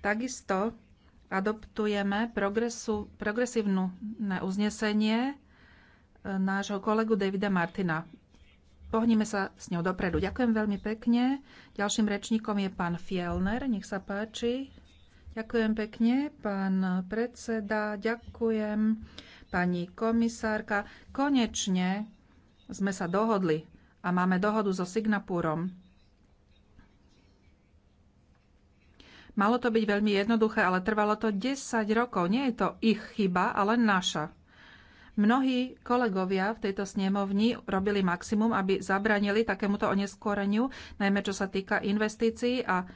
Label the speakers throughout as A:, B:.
A: Takisto adoptujeme progresívne uznesenie e, nášho kolegu Davida Martina. Pohníme sa s ňou dopredu. Ďakujem veľmi pekne. Ďalším rečníkom je pán Fielner. Nech sa páči. Ďakujem pekne, pán predseda. Ďakujem, pani komisárka. Konečne sme sa dohodli a máme dohodu so Signapúrom. Malo to byť veľmi jednoduché, ale trvalo to 10 rokov. Nie je to ich chyba, ale naša. Mnohí kolegovia v tejto snemovni robili maximum, aby zabranili takémuto oneskoreniu, najmä čo sa týka investícií a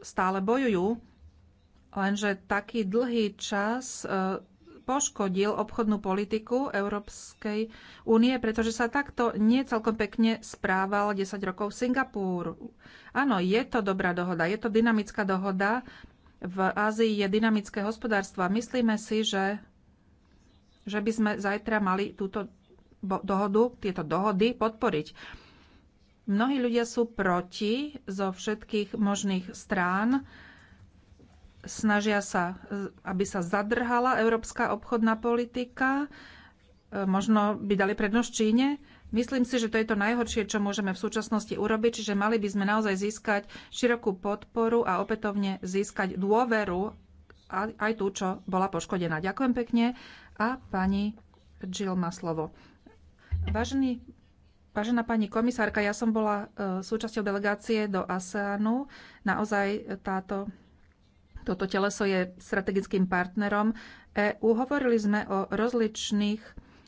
A: stále bojujú. Lenže taký dlhý čas e, poškodil obchodnú politiku Európskej únie, pretože sa takto nie celkom pekne správal 10 rokov Singapúr. Áno, je to dobrá dohoda, je to dynamická dohoda. V Ázii je dynamické hospodárstvo a myslíme si, že, že by sme zajtra mali túto dohodu, tieto dohody podporiť. Mnohí ľudia sú proti zo všetkých možných strán snažia sa, e, aby sa zadrhala európska obchodná politika. E, možno by dali prednosť Číne. Myslím si, že to je to najhoršie, čo môžeme v súčasnosti urobiť, čiže mali by sme naozaj získať širokú podporu a opätovne získať dôveru aj tú, čo bola poškodená. Ďakujem pekne a pani Jill má slovo. Vážený Vážená pani komisárka, ja som bola e, súčasťou delegácie do ASEANu. Naozaj táto toto teleso je strategickým partnerom EU. Hovorili sme o rozličných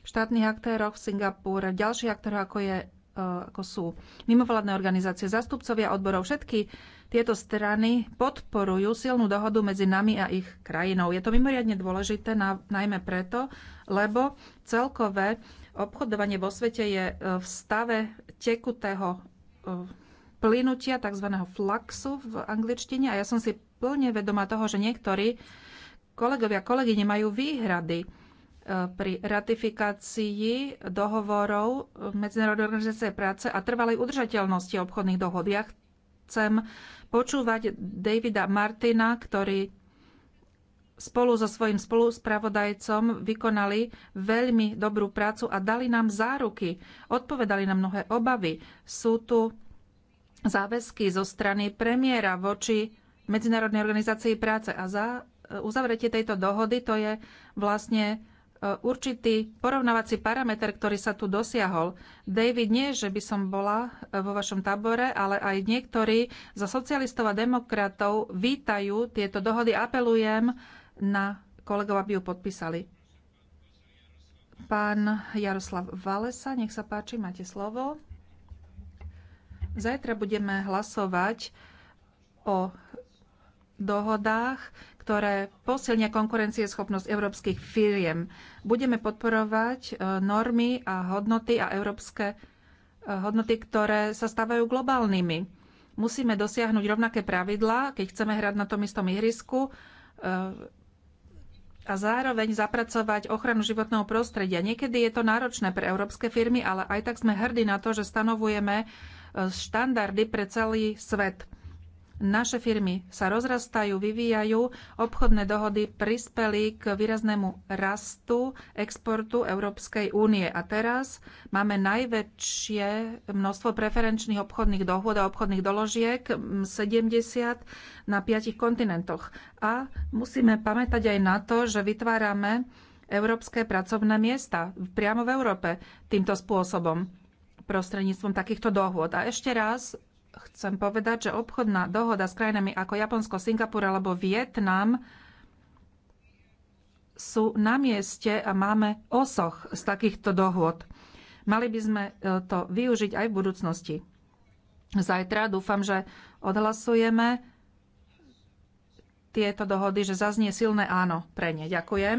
A: štátnych aktéroch v Singapúre, ďalších aktérov, ako, je, e, ako sú mimovládne organizácie, zastupcovia odborov. Všetky tieto strany podporujú silnú dohodu medzi nami a ich krajinou. Je to mimoriadne dôležité, najmä preto, lebo celkové obchodovanie vo svete je e, v stave tekutého e, plynutia, tzv. flaxu v angličtine. A ja som si plne vedomá toho, že niektorí kolegovia, kolegyne majú výhrady e, pri ratifikácii dohovorov Medzinárodnej organizácie práce a trvalej udržateľnosti obchodných dohod. Ja chcem počúvať Davida Martina, ktorý spolu so svojím spoluspravodajcom vykonali veľmi dobrú prácu a dali nám záruky, odpovedali na mnohé obavy. Sú tu záväzky zo strany premiéra voči Medzinárodnej organizácii práce. A za e, uzavretie tejto dohody to je vlastne e, určitý porovnávací parameter, ktorý sa tu dosiahol. David, nie, že by som bola e, vo vašom tábore, ale aj niektorí za socialistov a demokratov vítajú tieto dohody. Apelujem na kolegov, aby ju podpísali. Pán Jaroslav Valesa, nech sa páči, máte slovo. Zajtra budeme hlasovať o dohodách, ktoré posilnia konkurencieschopnosť európskych firiem. Budeme podporovať e, normy a hodnoty a európske e, hodnoty, ktoré sa stávajú globálnymi. Musíme dosiahnuť rovnaké pravidlá, keď chceme hrať na tom istom ihrisku e, a zároveň zapracovať ochranu životného prostredia. Niekedy je to náročné pre európske firmy, ale aj tak sme hrdí na to, že stanovujeme štandardy pre celý svet. Naše firmy sa rozrastajú, vyvíjajú, obchodné dohody prispeli k výraznému rastu exportu Európskej únie. A teraz máme najväčšie množstvo preferenčných obchodných dohôd a obchodných doložiek, 70 na piatich kontinentoch. A musíme pamätať aj na to, že vytvárame európske pracovné miesta priamo v Európe týmto spôsobom prostredníctvom takýchto dohôd. A ešte raz chcem povedať, že obchodná dohoda s krajinami ako Japonsko, Singapur alebo Vietnam sú na mieste a máme osoch z takýchto dohôd. Mali by sme e, to využiť aj v budúcnosti. Zajtra dúfam, že odhlasujeme tieto dohody, že zaznie silné áno pre ne. Ďakujem.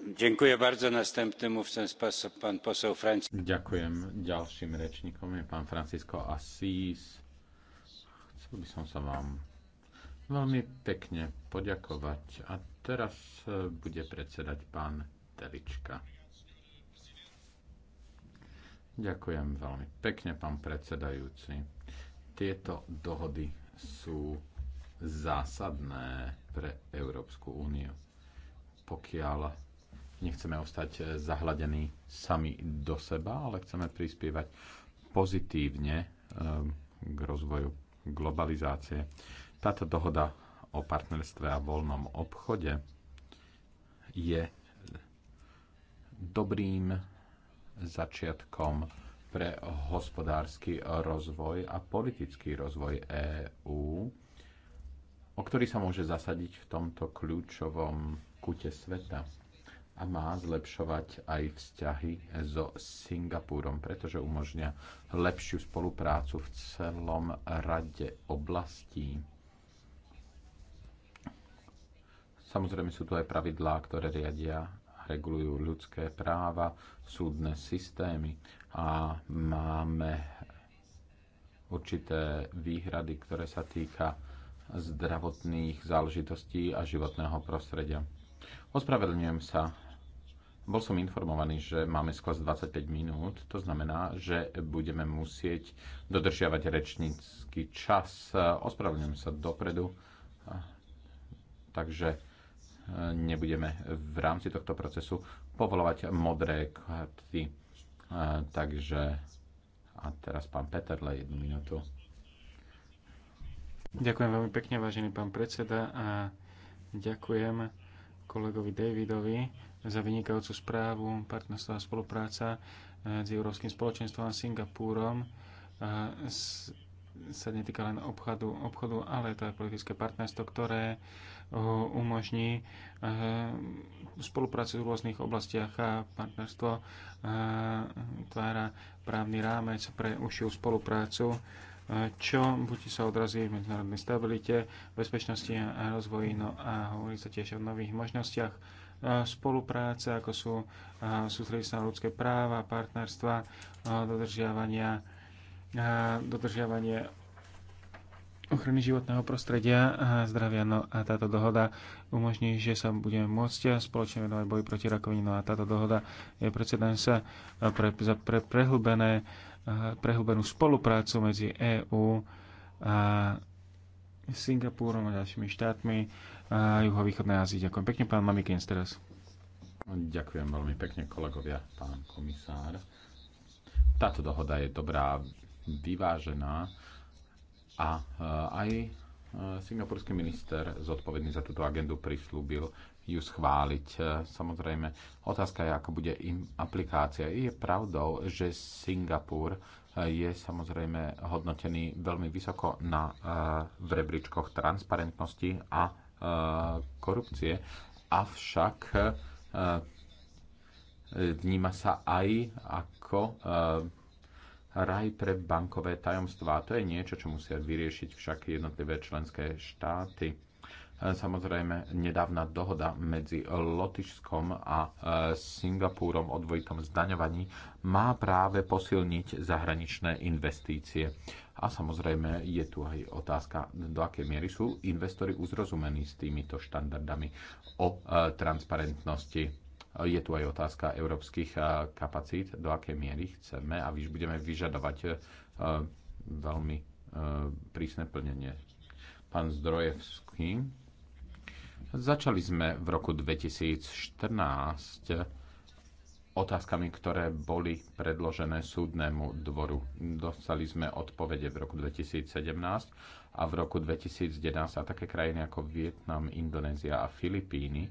B: Ďakujem. Ďalším rečníkom je
C: pán Francisco Assis. Chcel by som sa vám veľmi pekne poďakovať. A teraz e, bude predsedať pán Telička. Ďakujem veľmi pekne, pán predsedajúci. Tieto dohody sú zásadné pre Európsku úniu. Pokiaľ Nechceme ostať e, zahladení sami do seba, ale chceme prispievať pozitívne e, k rozvoju globalizácie. Táto dohoda o partnerstve a voľnom obchode je dobrým začiatkom pre hospodársky rozvoj a politický rozvoj EÚ, o ktorý sa môže zasadiť v tomto kľúčovom kute sveta a má zlepšovať aj vzťahy so Singapurom, pretože umožňa lepšiu spoluprácu v celom rade oblastí. Samozrejme sú tu aj pravidlá, ktoré riadia a regulujú ľudské práva, súdne systémy a máme určité výhrady, ktoré sa týka zdravotných záležitostí a životného prostredia. Ospravedlňujem sa bol som informovaný, že máme sklas 25 minút, to znamená, že budeme musieť dodržiavať rečnícky čas. Ospravedlňujem sa dopredu, takže e, nebudeme v rámci tohto procesu povolovať modré karty. E, takže a teraz pán Peterle jednu minútu.
B: Ďakujem veľmi pekne, vážený pán predseda, a ďakujem kolegovi Davidovi za vynikajúcu správu partnerstvo a spolupráca medzi eh, Európskym spoločenstvom a Singapúrom sa netýka len obchodu, obchodu, ale to je politické partnerstvo, ktoré eh, umožní eh, spoluprácu v rôznych oblastiach a partnerstvo tvára právny rámec pre užšiu spoluprácu, čo buď sa odrazí v medzinárodnej stabilite, bezpečnosti a rozvoji, no a hovorí sa tiež o nových možnostiach spolupráce, ako sú sústrediť na ľudské práva, partnerstva, dodržiavania, dodržiavanie ochrany životného prostredia a zdravia. No a táto dohoda umožní, že sa budeme môcť spoločne venovať boji proti rakovine. No a táto dohoda je precedens pre, za pre, prehlbené, prehlbenú spoluprácu medzi EÚ a Singapúrom a ďalšími štátmi a juhovýchodnej Ázii. Ďakujem pekne, pán Mamikens teraz. Ďakujem veľmi pekne, kolegovia, pán komisár. Táto dohoda je dobrá,
C: vyvážená a e, aj e, singapurský minister zodpovedný za túto agendu prislúbil ju schváliť. E, samozrejme, otázka je, ako bude im aplikácia. Je pravdou, že Singapur je samozrejme hodnotený veľmi vysoko na, v e, rebríčkoch transparentnosti a e, korupcie, avšak e, vníma sa aj ako raj pre bankové tajomstvá. To je niečo, čo musia vyriešiť však jednotlivé členské štáty samozrejme nedávna dohoda medzi Lotyšskom a e, Singapúrom o dvojitom zdaňovaní má práve posilniť zahraničné investície. A samozrejme je tu aj otázka, do akej miery sú investori uzrozumení s týmito štandardami o e, transparentnosti. Je tu aj otázka európskych e, kapacít, do akej miery chceme a vyž budeme vyžadovať veľmi prísne plnenie. Pán Zdrojevský. Začali sme v roku 2014 otázkami, ktoré boli predložené súdnemu dvoru. Dostali sme odpovede v roku 2017 a v roku 2011 a také krajiny ako Vietnam, Indonézia a Filipíny, e,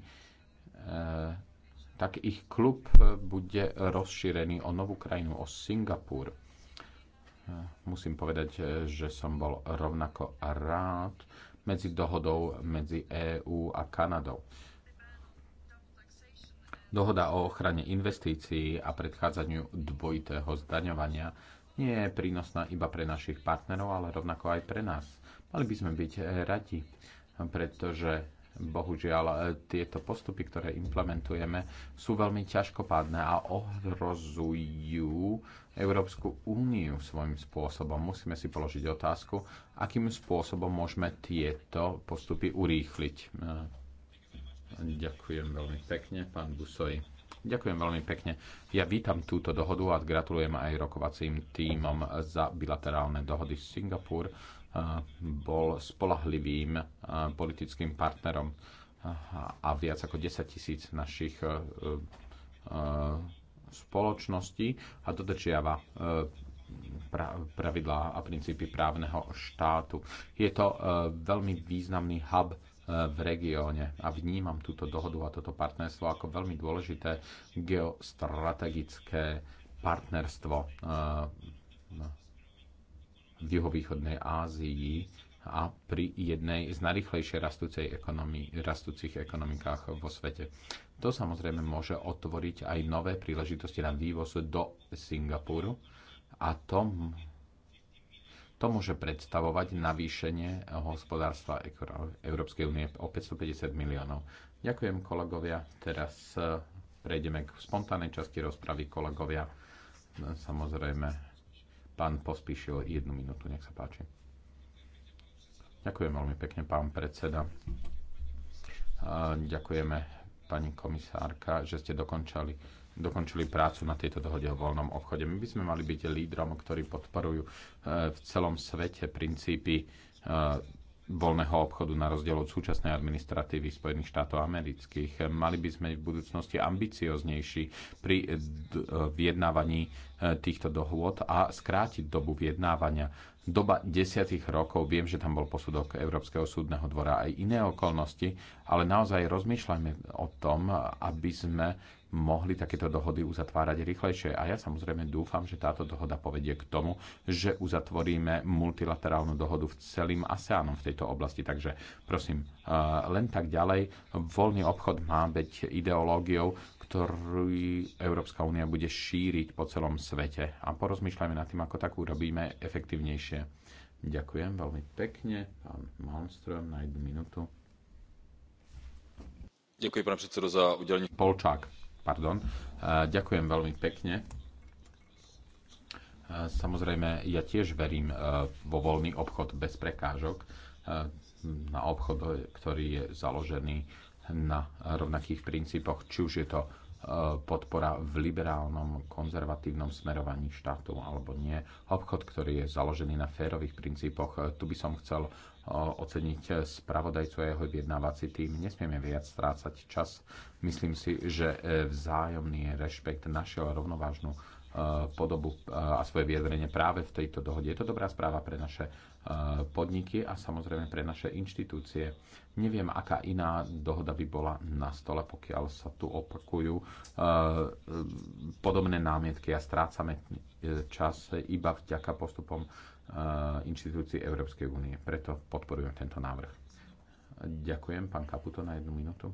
C: tak ich klub bude rozšírený o novú krajinu, o Singapur. E, musím povedať, e, že som bol rovnako rád, medzi dohodou medzi EÚ a Kanadou. Dohoda o ochrane investícií a predchádzaniu dvojitého zdaňovania nie je prínosná iba pre našich partnerov, ale rovnako aj pre nás. Mali by sme byť radi, pretože Bohužiaľ, e, tieto postupy, ktoré implementujeme, sú veľmi ťažkopádne a ohrozujú Európsku úniu svojím spôsobom. Musíme si položiť otázku, akým spôsobom môžeme tieto postupy urýchliť. E, ďakujem veľmi pekne, pán Busoj. Ďakujem veľmi pekne. Ja vítam túto dohodu a gratulujem aj rokovacím týmom za bilaterálne dohody s Singapur bol spolahlivým politickým partnerom a viac ako 10 tisíc našich e, e, spoločností a dodržiava e, pravidlá a princípy právneho štátu. Je to veľmi významný hub v regióne a vnímam túto dohodu a toto partnerstvo ako veľmi dôležité geostrategické partnerstvo v juhovýchodnej Ázii a pri jednej z najrychlejšie rastúcej rastúcich ekonomikách vo svete. To samozrejme môže otvoriť aj nové príležitosti na vývoz do Singapuru a to, to môže predstavovať navýšenie hospodárstva Európskej únie o 550 miliónov. Ďakujem kolegovia. Teraz eh, prejdeme k spontánnej časti rozpravy kolegovia. Samozrejme, Pán Pospíšil, jednu minútu, nech sa páči. Ďakujem veľmi pekne, pán predseda. Ďakujeme, pani komisárka, že ste dokončali, dokončili prácu na tejto dohode o voľnom obchode. My by sme mali byť lídrom, ktorí podporujú e, v celom svete princípy e, voľného obchodu na rozdiel od súčasnej administratívy Spojených štátov amerických. Mali by sme v budúcnosti ambicioznejší pri vyjednávaní e, týchto dohôd a skrátiť dobu vyjednávania. Doba desiatých rokov, viem, že tam bol posudok Európskeho súdneho dvora aj iné okolnosti, ale naozaj rozmýšľajme o tom, aby sme mohli takéto dohody uzatvárať rýchlejšie. A ja samozrejme dúfam, že táto dohoda povedie k tomu, že uzatvoríme multilaterálnu dohodu v celým ASEANom v tejto oblasti. Takže prosím, eh, len tak ďalej. Voľný obchod má byť ideológiou, ktorú Európska únia bude šíriť po celom svete. A porozmýšľajme nad tým, ako tak urobíme efektívnejšie. Ďakujem veľmi pekne. Pán Malmström na jednu minútu. Ďakujem, pán predsedo, za udelenie. Polčák pardon. E, ďakujem veľmi pekne. E, samozrejme, ja tiež verím e, vo voľný obchod bez prekážok, na obchod, ktorý je založený na rovnakých princípoch, či už je to podpora v liberálnom, konzervatívnom smerovaní štátu alebo nie. Obchod, ktorý je založený na férových princípoch, tu by som chcel oceniť spravodajcu a jeho vyjednávací tým. Nesmieme viac strácať čas. Myslím si, že e, vzájomný rešpekt našiel rovnovážnu e, podobu e, a svoje vyjadrenie práve v tejto dohode. Je to dobrá správa pre naše podniky a samozrejme pre naše inštitúcie. Neviem, aká iná dohoda by bola na stole, pokiaľ sa tu opakujú podobné námietky a strácame čas iba vďaka postupom inštitúcií Európskej únie. Preto podporujem tento návrh. Ďakujem, pán Kaputo, na jednu minútu.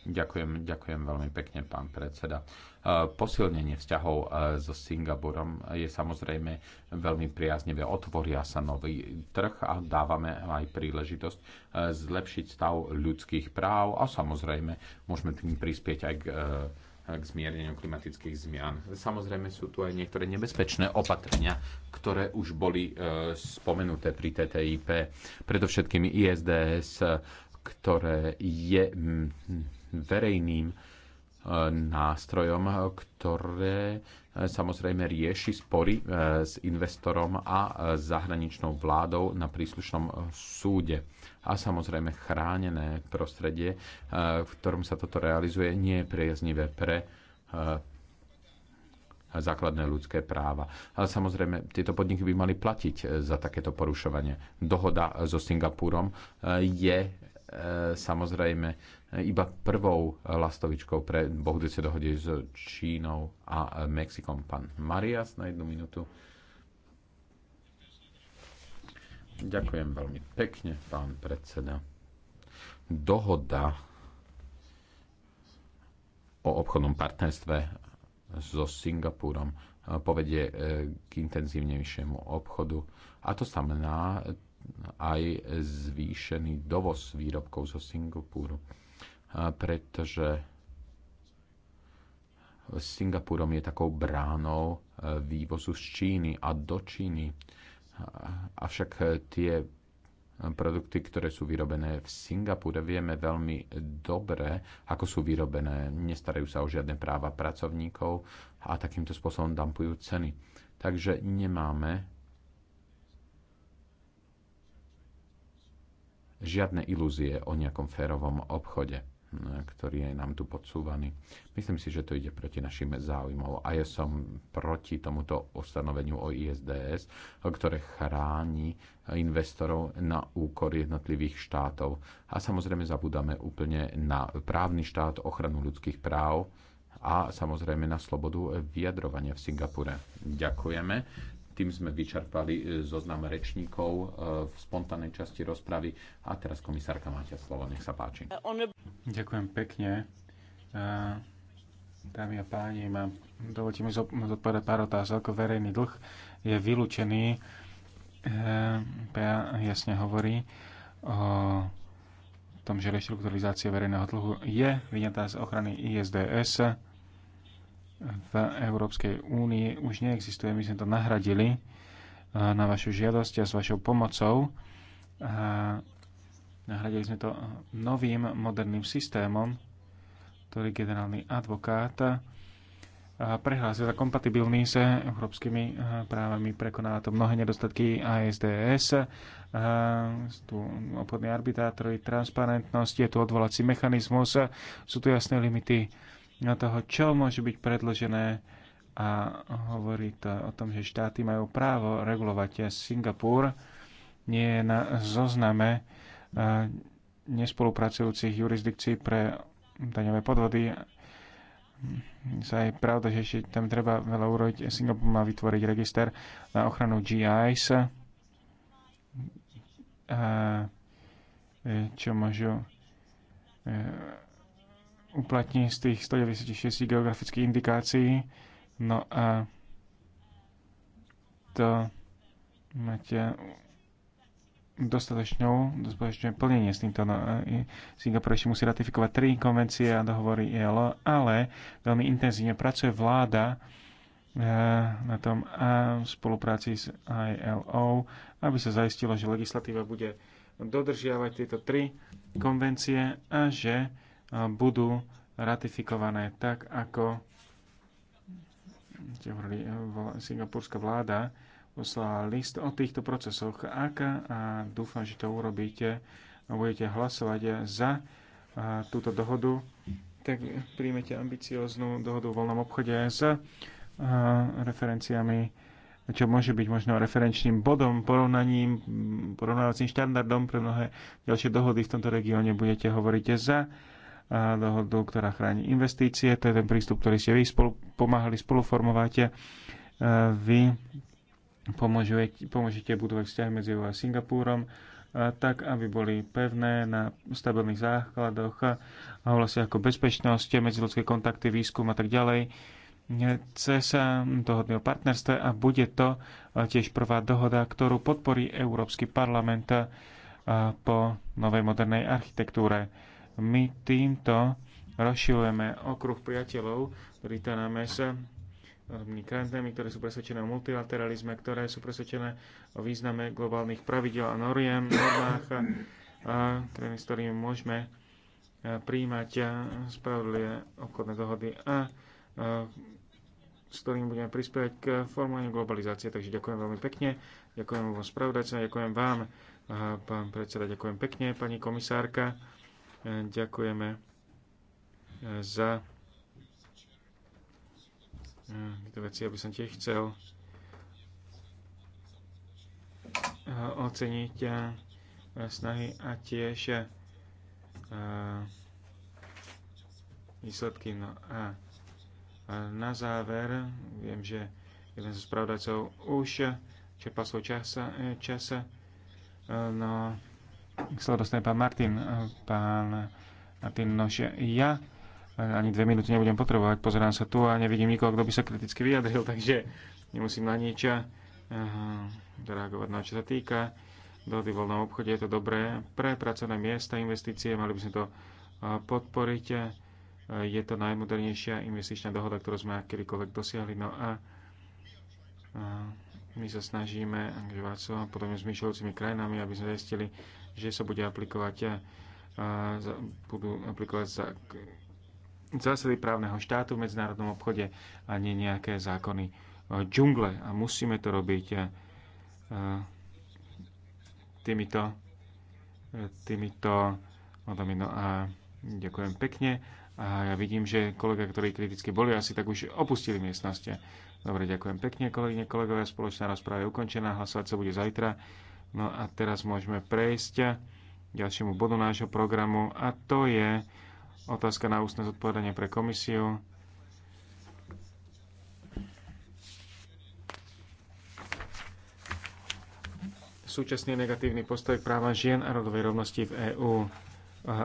C: Ďakujem, ďakujem veľmi pekne, pán predseda. Posilnenie vzťahov so Singapurom je samozrejme veľmi priaznivé. Otvoria sa nový trh a dávame aj príležitosť zlepšiť stav ľudských práv a samozrejme môžeme tým prispieť aj k k zmierneniu klimatických zmian. Samozrejme sú tu aj niektoré nebezpečné opatrenia, ktoré už boli e, spomenuté pri TTIP, predovšetkým ISDS, ktoré je mm, verejným e, nástrojom, ktoré e, samozrejme rieši spory s investorom a zahraničnou vládou na príslušnom súde a samozrejme chránené prostredie, e, v ktorom sa toto realizuje, nie je priaznivé pre e, základné ľudské práva. Ale samozrejme, tieto podniky by mali platiť e, za takéto porušovanie. Dohoda so Singapurom je samozrejme iba prvou lastovičkou pre bohdúce dohody s Čínou a Mexikom. Pán Marias na jednu minútu. Ďakujem veľmi pekne, pán predseda. Dohoda o obchodnom partnerstve so Singapurom eh, povedie eh, k intenzívnejšiemu obchodu a to znamená eh, aj zvýšený dovoz výrobkov zo Singapúru, pretože Singapurom je takou bránou vývozu z Číny a do Číny Avšak eh, tie eh, produkty, ktoré sú vyrobené v Singapúre, vieme veľmi dobre, ako sú vyrobené. Nestarajú sa o žiadne práva pracovníkov a takýmto spôsobom dampujú ceny. Takže nemáme žiadne ilúzie o nejakom férovom obchode. E, ktorý je nám tu podsúvaný. Myslím si, že to ide proti našim záujmom a ja som proti tomuto ustanoveniu o ISDS, ktoré chráni investorov na úkor jednotlivých štátov. A samozrejme zabudáme úplne na právny štát, ochranu ľudských práv a samozrejme na slobodu vyjadrovania v Singapure. Ďakujeme. Tým sme vyčerpali e, zoznam rečníkov e, v spontánnej časti rozpravy. A teraz komisárka
B: máte slovo, nech sa páči. Ďakujem pekne. E, Dámy a páni, mám, dovolte mi zodpovedať pár otázok. Verejný dlh je vylúčený. PA jasne hovorí o tom, že reštrukturalizácia verejného dlhu je vyňatá z ochrany ISDS v Európskej únii už neexistuje. My sme to nahradili eh, na vašu žiadosť a s vašou pomocou. A nahradili sme to eh, novým moderným systémom, ktorý generálny advokát eh, prehlásil za kompatibilný s európskymi právami, prekonáva to mnohé nedostatky ASDS, tu obchodní arbitrátor, transparentnosť, je tu odvolací mechanizmus, sú tu jasné limity na toho, čo môže byť predložené a hovorí to o tom, že štáty majú právo regulovať. Singapur nie je na zozname nespolupracujúcich jurisdikcií pre daňové podvody. Sa je pravda, že ešte tam treba veľa urobiť. Singapur má vytvoriť register na ochranu GIs, čo môžu e, uplatní z tých 196 geografických indikácií. No a to máte dostatočnou, dostatočné plnenie s týmto. No, Singapur ešte musí ratifikovať tri konvencie a dohovory ILO, ale veľmi intenzívne pracuje vláda eh, na tom a v spolupráci s ILO, aby sa zaistilo, že legislatíva bude dodržiavať tieto tri konvencie a že budú ratifikované tak, ako eh, singapurská vláda poslala list o týchto procesoch. Ak a dúfam, že to urobíte a budete hlasovať za eh, túto dohodu, tak príjmete ambicióznu dohodu o voľnom obchode s eh, referenciami, čo môže byť možno referenčným bodom, porovnaním, porovnávacím štandardom pre mnohé ďalšie dohody v tomto regióne. Budete hovoriť za dohodu, ktorá chráni investície. To je ten prístup, ktorý ste vy spolu, pomáhali spoluformovať. Vy pomôžete, budovať vzťahy medzi EU a Singapúrom tak, aby boli pevné na stabilných základoch a vlastne ako bezpečnosť, medziludské kontakty, výskum a tak ďalej cez dohodného partnerstva a bude to tiež prvá dohoda, ktorú podporí Európsky parlament po novej modernej architektúre my týmto rozširujeme okruh priateľov, ktorí to nám sa eh, migrantami, ktoré sú presvedčené o multilateralizme, ktoré sú presvedčené o význame globálnych pravidel a noriem, normách, a, eh, a, ktorými, s ktorými môžeme eh, príjmať spravodlivé obchodné dohody a, a s ktorým budeme prispievať k formovaniu globalizácie. Takže ďakujem veľmi pekne, ďakujem vám spravodajcom, ďakujem vám, pán predseda, ďakujem pekne, pani komisárka. E, ďakujeme e, za e, tieto veci, aby som tiež chcel oceniť snahy a tiež výsledky. No a na záver, viem, že jeden zo spravodajcov už čerpal svoj čas, čas no slovo dostane pán Martin. Pán Martin, nož ja ani dve minúty nebudem potrebovať. Pozerám sa tu a nevidím nikoho, kto by sa kriticky vyjadril, takže nemusím na nič reagovať. na čo sa týka dohody voľnom obchode, je to dobré pre pracovné miesta, investície, mali by sme to podporiť. Je to najmodernejšia investičná dohoda, ktorú sme kedykoľvek dosiahli. No a, a my sa snažíme angažovať sa podobne s myšľujúcimi krajinami, aby sme zistili, že sa bude aplikovať a, budú aplikovať za, zásady právneho štátu v medzinárodnom obchode a nie nejaké zákony džungle. A musíme to robiť a, týmito týmito odami. No a ďakujem pekne. A ja vidím, že kolega, ktorí kriticky boli, asi tak už opustili miestnosti. Dobre, ďakujem pekne, kolegyne, kolegovia. Spoločná rozpráva je ukončená, hlasovať sa bude zajtra. No a teraz môžeme prejsť k ďalšiemu bodu nášho programu a to je otázka na ústne zodpovedanie pre komisiu. Súčasný negatívny postoj práva žien a rodovej rovnosti v EÚ.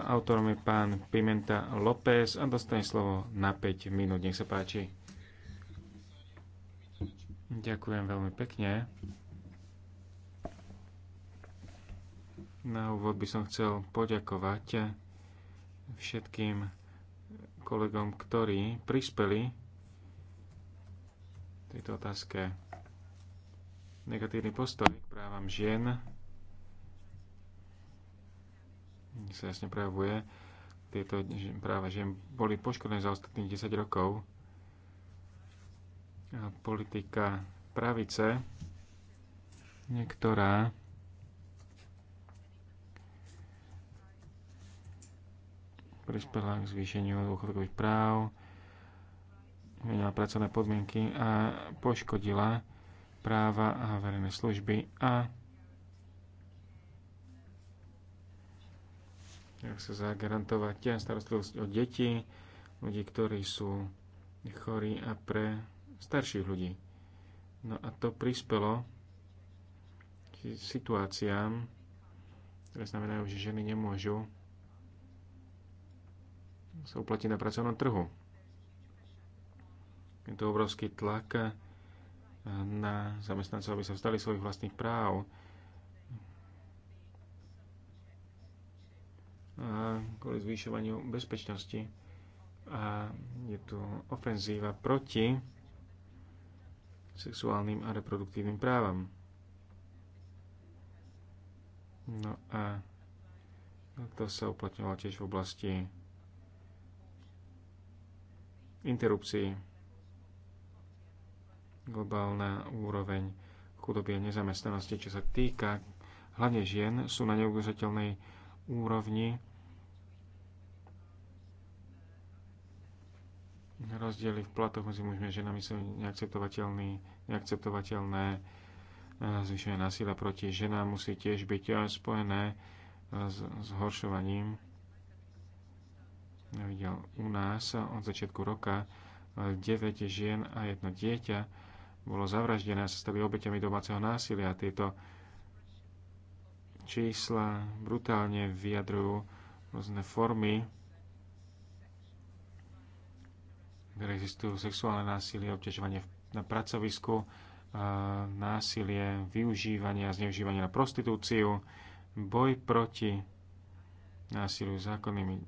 B: Autorom je pán Pimenta López a dostane slovo na 5 minút. Nech sa páči. Ďakujem veľmi pekne. Na úvod by som chcel poďakovať všetkým kolegom, ktorí prispeli tejto otázke negatívny postoj k právam žien sa jasne prejavuje. Tieto práva žien boli poškodené za ostatných 10 rokov politika pravice, niektorá prispela k zvýšeniu dôchodkových práv, menila pracovné podmienky a poškodila práva a verejné služby a jak sa zagarantovať starostlivosť o deti, ľudí, ktorí sú chorí a pre starších ľudí. No a to prispelo k situáciám, ktoré znamenajú, že ženy nemôžu sa uplatiť na pracovnom trhu. Je to obrovský tlak na zamestnancov, aby sa vzdali svojich vlastných práv. A kvôli zvyšovaniu bezpečnosti. A je tu ofenzíva proti sexuálnym a reproduktívnym právam. No a to sa uplatňovalo tiež v oblasti interrupcií. Globálna úroveň chudoby a nezamestnanosti, čo sa týka hlavne žien, sú na neudržateľnej úrovni rozdiely v platoch medzi mužmi a ženami sú neakceptovateľné, neakceptovateľné zvyšenie násilia proti ženám musí tiež byť e, spojené e, s zhoršovaním. Ja videl u nás od začiatku roka 9 e, žien a jedno dieťa bolo zavraždené a sa stali obeťami domáceho násilia. Tieto čísla brutálne vyjadrujú rôzne formy kde existujú sexuálne násilie, obťažovanie na pracovisku, násilie, využívanie a zneužívanie na prostitúciu, boj proti násiliu zákonnými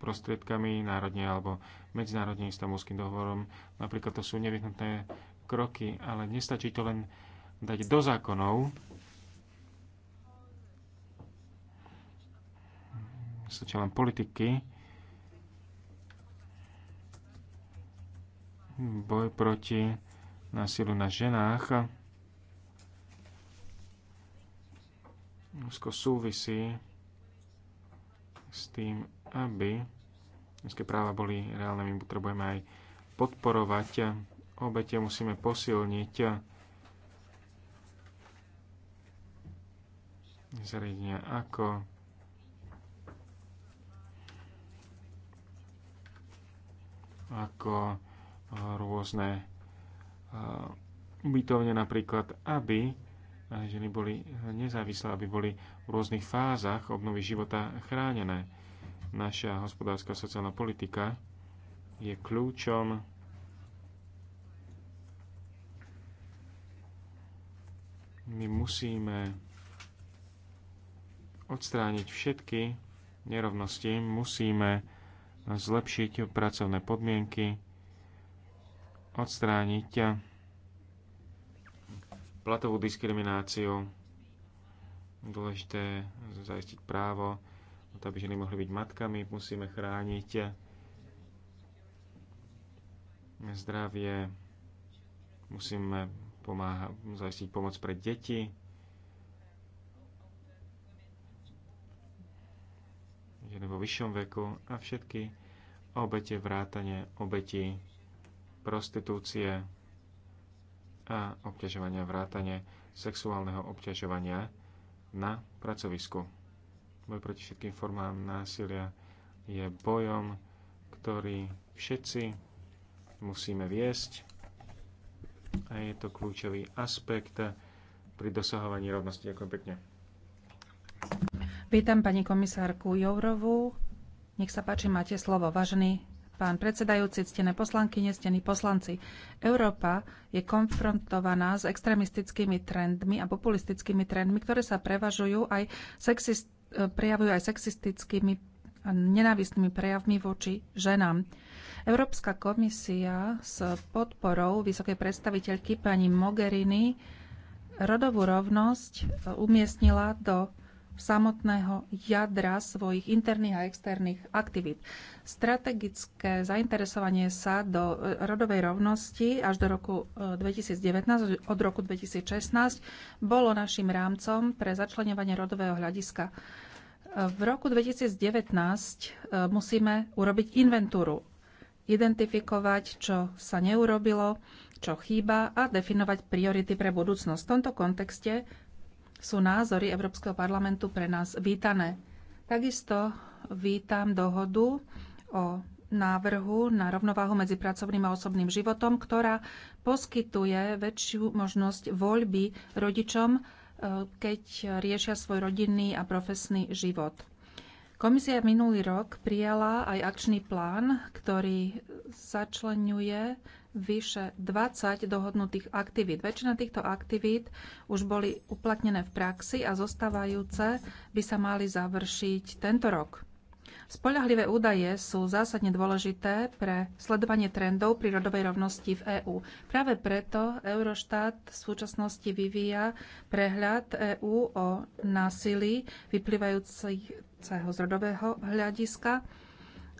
B: prostriedkami, národne alebo medzinárodne istambulským dohovorom. Napríklad to sú nevyhnutné kroky, ale nestačí to len dať do zákonov. Stačia len politiky, boj proti násilu na ženách úzko súvisí s tým, aby ženské práva boli reálne. My potrebujeme aj podporovať obete, musíme posilniť zariadenia ako ako rôzne ubytovne napríklad, aby ženy boli nezávislé, aby boli v rôznych fázach obnovy života chránené. Naša hospodárska sociálna politika je kľúčom my musíme odstrániť všetky nerovnosti, musíme zlepšiť pracovné podmienky, odstrániť platovú diskrimináciu. Dôležité zaistiť právo, to, aby ženy mohli byť matkami, musíme chrániť zdravie, musíme pomáha, zaistiť pomoc pre deti. ženy vo vyššom veku a všetky obete vrátane obeti prostitúcie a obťažovania vrátane sexuálneho obťažovania na pracovisku. Boj proti všetkým formám násilia je bojom, ktorý všetci musíme viesť a je to kľúčový aspekt pri dosahovaní rovnosti. Ďakujem pekne.
A: Vítam pani komisárku Jourovú. Nech sa páči, máte slovo. Vážený Pán predsedajúci, ctené poslanky, ctení poslanci, Európa je konfrontovaná s extremistickými trendmi a populistickými trendmi, ktoré sa prevažujú aj sexist, prejavujú aj sexistickými a nenávistnými prejavmi voči ženám. Európska komisia s podporou vysokej predstaviteľky pani Mogherini rodovú rovnosť umiestnila do samotného jadra svojich interných a externých aktivít. Strategické zainteresovanie sa do e, rodovej rovnosti až do roku 2019, e, od roku 2016, bolo našim rámcom pre začlenovanie rodového hľadiska. E, v roku 2019 musíme urobiť inventúru, identifikovať, čo sa neurobilo, čo chýba a definovať priority pre budúcnosť. V tomto kontexte sú názory Európskeho parlamentu pre nás vítané. Takisto vítam dohodu o návrhu na rovnováhu medzi pracovným a osobným životom, ktorá poskytuje väčšiu možnosť voľby rodičom, e, keď riešia svoj rodinný a profesný život. Komisia minulý rok prijala aj akčný plán, ktorý začlenuje vyše 20 dohodnutých aktivít. Väčšina týchto aktivít už boli uplatnené v praxi a zostávajúce by sa mali završiť tento rok. Spoľahlivé údaje sú zásadne dôležité pre sledovanie trendov pri rodovej rovnosti v EÚ. Práve preto Eurostat v súčasnosti vyvíja prehľad EÚ o násilí vyplývajúceho z rodového hľadiska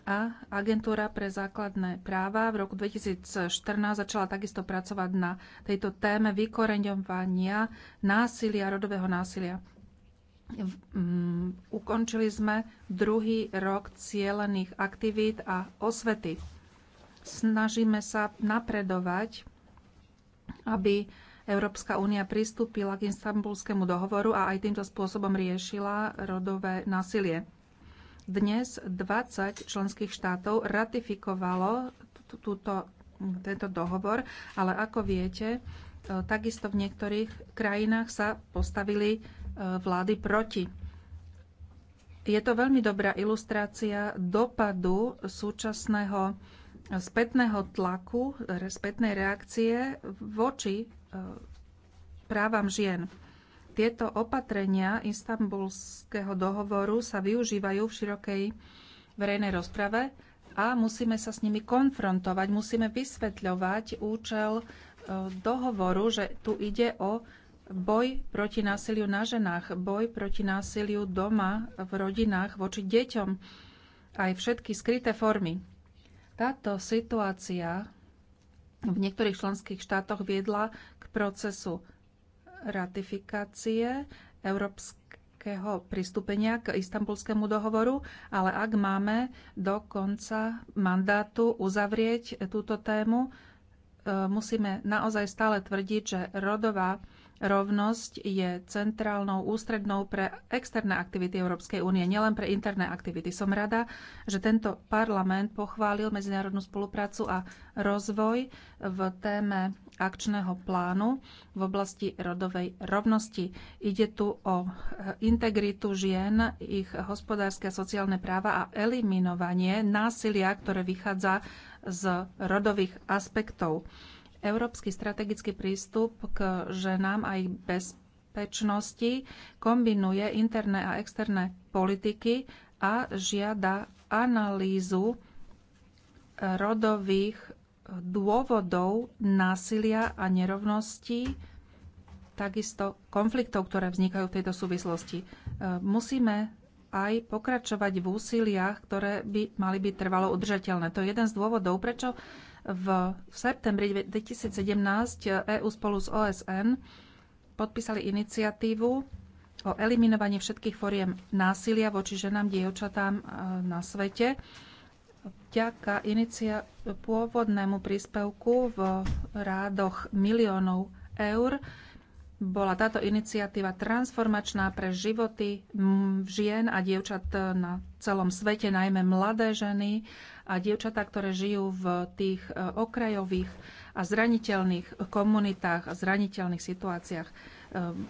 A: a Agentúra pre základné práva v roku 2014 začala takisto pracovať na tejto téme vykoreňovania násilia, rodového násilia. Mm, ukončili sme druhý rok cielených aktivít a osvety. Snažíme sa napredovať, aby Európska únia pristúpila k Istanbulskému dohovoru a aj týmto spôsobom riešila rodové násilie. Dnes 20 členských štátov ratifikovalo túto, tento dohovor, ale ako viete, e, takisto v niektorých krajinách sa postavili e, vlády proti. Je to veľmi dobrá ilustrácia dopadu súčasného e, spätného tlaku, spätnej reakcie voči právam žien tieto opatrenia istambulského dohovoru sa využívajú v širokej verejnej rozprave a musíme sa s nimi konfrontovať, musíme vysvetľovať účel e, dohovoru, že tu ide o boj proti násiliu na ženách, boj proti násiliu doma, v rodinách, voči deťom, aj všetky skryté formy. Táto situácia v niektorých členských štátoch viedla k procesu ratifikácie európskeho pristúpenia k istambulskému dohovoru, ale ak máme do konca mandátu uzavrieť túto tému, e, musíme naozaj stále tvrdiť, že rodová Rovnosť je centrálnou ústrednou pre externé aktivity Európskej únie, nielen pre interné aktivity. Som rada, že tento parlament pochválil medzinárodnú spoluprácu a rozvoj v téme akčného plánu v oblasti rodovej rovnosti. Ide tu o integritu žien, ich hospodárske a sociálne práva a eliminovanie násilia, ktoré vychádza z rodových aspektov. Európsky strategický prístup k ženám a ich bezpečnosti kombinuje interné a externé politiky a žiada analýzu rodových dôvodov násilia a nerovností, takisto konfliktov, ktoré vznikajú v tejto súvislosti. E, musíme aj pokračovať v úsiliach, ktoré by mali byť trvalo udržateľné. To je jeden z dôvodov, prečo v septembri 2017 EÚ spolu s OSN podpísali iniciatívu o eliminovaní všetkých foriem násilia voči ženám, dievčatám e, na svete. Vďaka inicia- pôvodnému príspevku v rádoch miliónov eur bola táto iniciatíva transformačná pre životy žien a dievčat na celom svete, najmä mladé ženy a dievčatá, ktoré žijú v tých e, okrajových a zraniteľných komunitách a zraniteľných situáciách, e,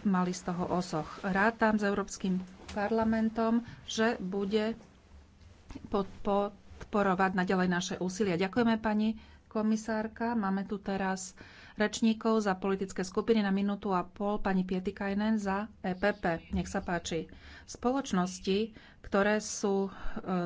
A: mali z toho osoch. Rátam s Európskym parlamentom, že bude podporovať naďalej naše úsilia. Ďakujeme pani komisárka. Máme tu teraz rečníkov za politické skupiny na minútu a pol pani Pietikajnen za EPP. Nech sa páči. Spoločnosti, ktoré sú e,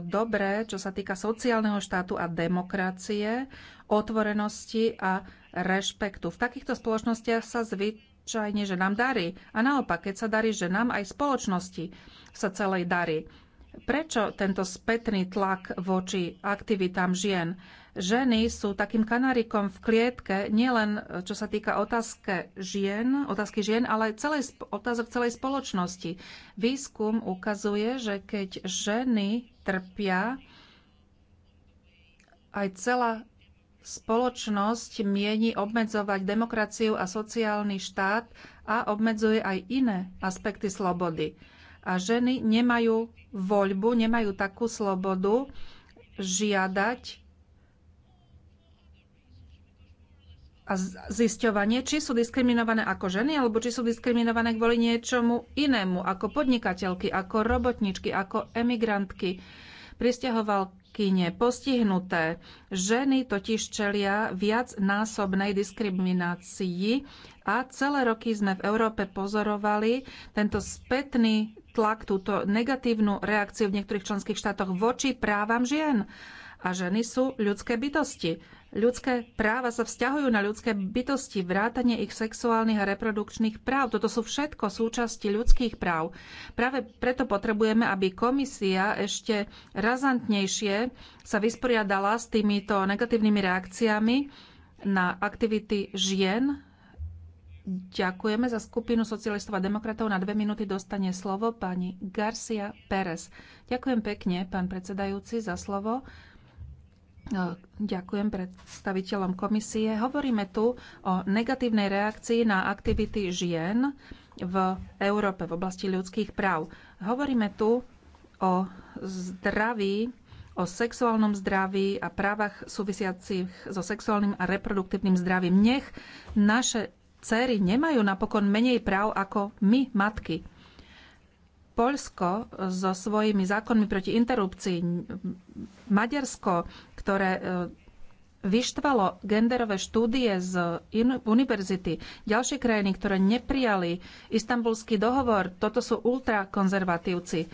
A: dobré, čo sa týka sociálneho štátu a demokracie, otvorenosti a rešpektu. V takýchto spoločnostiach sa zvyčajne ženám darí. A naopak, keď sa darí ženám, aj spoločnosti sa celej darí. Prečo tento spätný tlak voči aktivitám žien? ženy sú takým kanárikom v klietke, nielen e, čo sa týka otázke žien, otázky žien, ale celej, otázok celej spoločnosti. Výskum ukazuje, že keď ženy trpia, aj celá spoločnosť mieni obmedzovať demokraciu a sociálny štát a obmedzuje aj iné aspekty slobody. A ženy nemajú voľbu, nemajú takú slobodu žiadať a zisťovanie, či sú diskriminované ako ženy, alebo či sú diskriminované kvôli niečomu inému, ako podnikateľky, ako robotničky, ako emigrantky, pristahovalkyne, postihnuté. Ženy totiž čelia viac násobnej diskriminácii a celé roky sme v Európe pozorovali tento spätný tlak, túto negatívnu reakciu v niektorých členských štátoch voči právam žien. A ženy sú ľudské bytosti Ľudské práva sa vzťahujú na ľudské bytosti, vrátanie ich sexuálnych a reprodukčných práv. Toto sú všetko súčasti ľudských práv. Práve preto potrebujeme, aby komisia ešte razantnejšie sa vysporiadala s týmito negatívnymi reakciami na aktivity žien. Ďakujeme za skupinu socialistov a demokratov. Na dve minúty dostane slovo pani Garcia Pérez. Ďakujem pekne, pán predsedajúci, za slovo. Ďakujem predstaviteľom komisie. Hovoríme tu o negatívnej reakcii na aktivity žien v Európe v oblasti ľudských práv. Hovoríme tu o zdraví, o sexuálnom zdraví a právach súvisiacich so sexuálnym a reproduktívnym zdravím. Nech naše céry nemajú napokon menej práv ako my, matky. Poľsko so svojimi zákonmi proti interrupcii, Maďarsko ktoré e, vyštvalo genderové štúdie z univerzity. Ďalšie krajiny, ktoré neprijali istambulský dohovor, toto sú ultrakonzervatívci.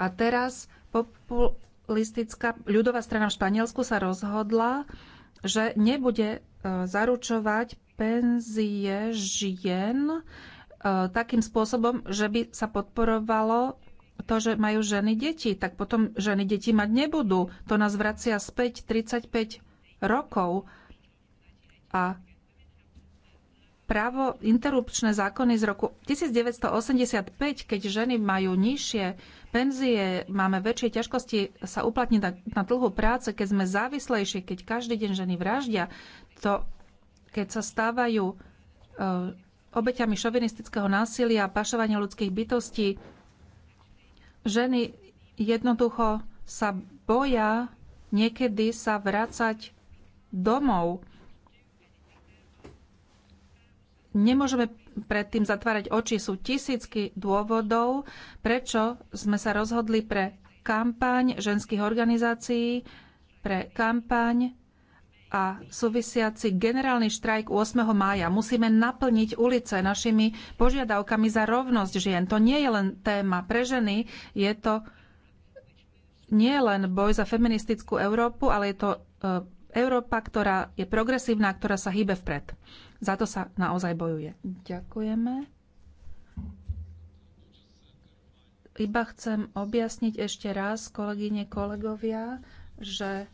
A: A teraz populistická ľudová strana v Španielsku sa rozhodla, že nebude e, zaručovať penzie žien e, takým spôsobom, že by sa podporovalo to, že majú ženy deti, tak potom ženy deti mať nebudú. To nás vracia späť 35 rokov a právo interrupčné zákony z roku 1985, keď ženy majú nižšie penzie, máme väčšie ťažkosti sa uplatniť na, na dlhú práce, keď sme závislejšie, keď každý deň ženy vraždia, to keď sa stávajú uh, obeťami šovinistického násilia, pašovania ľudských bytostí, ženy jednoducho sa boja niekedy sa vrácať domov. Nemôžeme predtým zatvárať oči. Sú tisícky dôvodov, prečo sme sa rozhodli pre kampaň ženských organizácií, pre kampaň a súvisiaci generálny štrajk 8. mája. Musíme naplniť ulice našimi požiadavkami za rovnosť žien. To nie je len téma pre ženy, je to nie len boj za feministickú Európu, ale je to e, Európa, ktorá je progresívna, ktorá sa hýbe vpred. Za to sa naozaj bojuje. Ďakujeme. Iba chcem objasniť ešte raz, kolegyne, kolegovia, že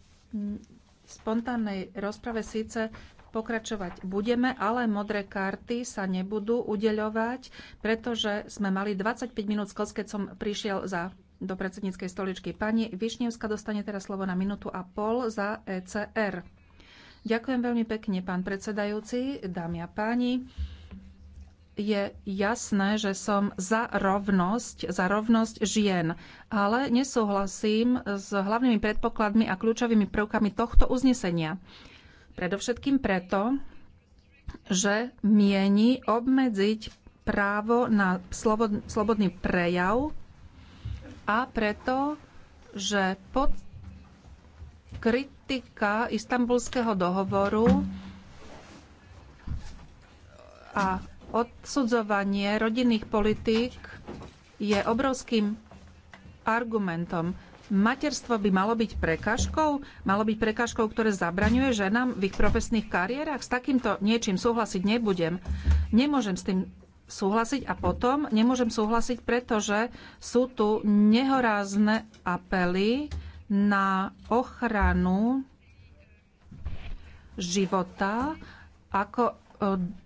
A: spontánnej rozprave síce pokračovať budeme, ale modré karty sa nebudú udeľovať, pretože sme mali 25 minút skos, keď som prišiel za do predsedníckej stoličky. Pani Višnevská dostane teraz slovo na minútu a pol za ECR. Ďakujem veľmi pekne, pán predsedajúci, dámy a páni je jasné, že som za rovnosť, za rovnosť žien, ale nesúhlasím s hlavnými predpokladmi a kľúčovými prvkami tohto uznesenia. Predovšetkým preto, že mieni obmedziť právo na slobodný prejav a preto, že pod kritika istambulského dohovoru a odsudzovanie rodinných politík je obrovským argumentom. Materstvo by malo byť prekažkou, malo byť prekažkou, ktoré zabraňuje ženám v ich profesných kariérach. S takýmto niečím súhlasiť nebudem. Nemôžem s tým súhlasiť a potom nemôžem súhlasiť, pretože sú tu nehorázne apely na ochranu života ako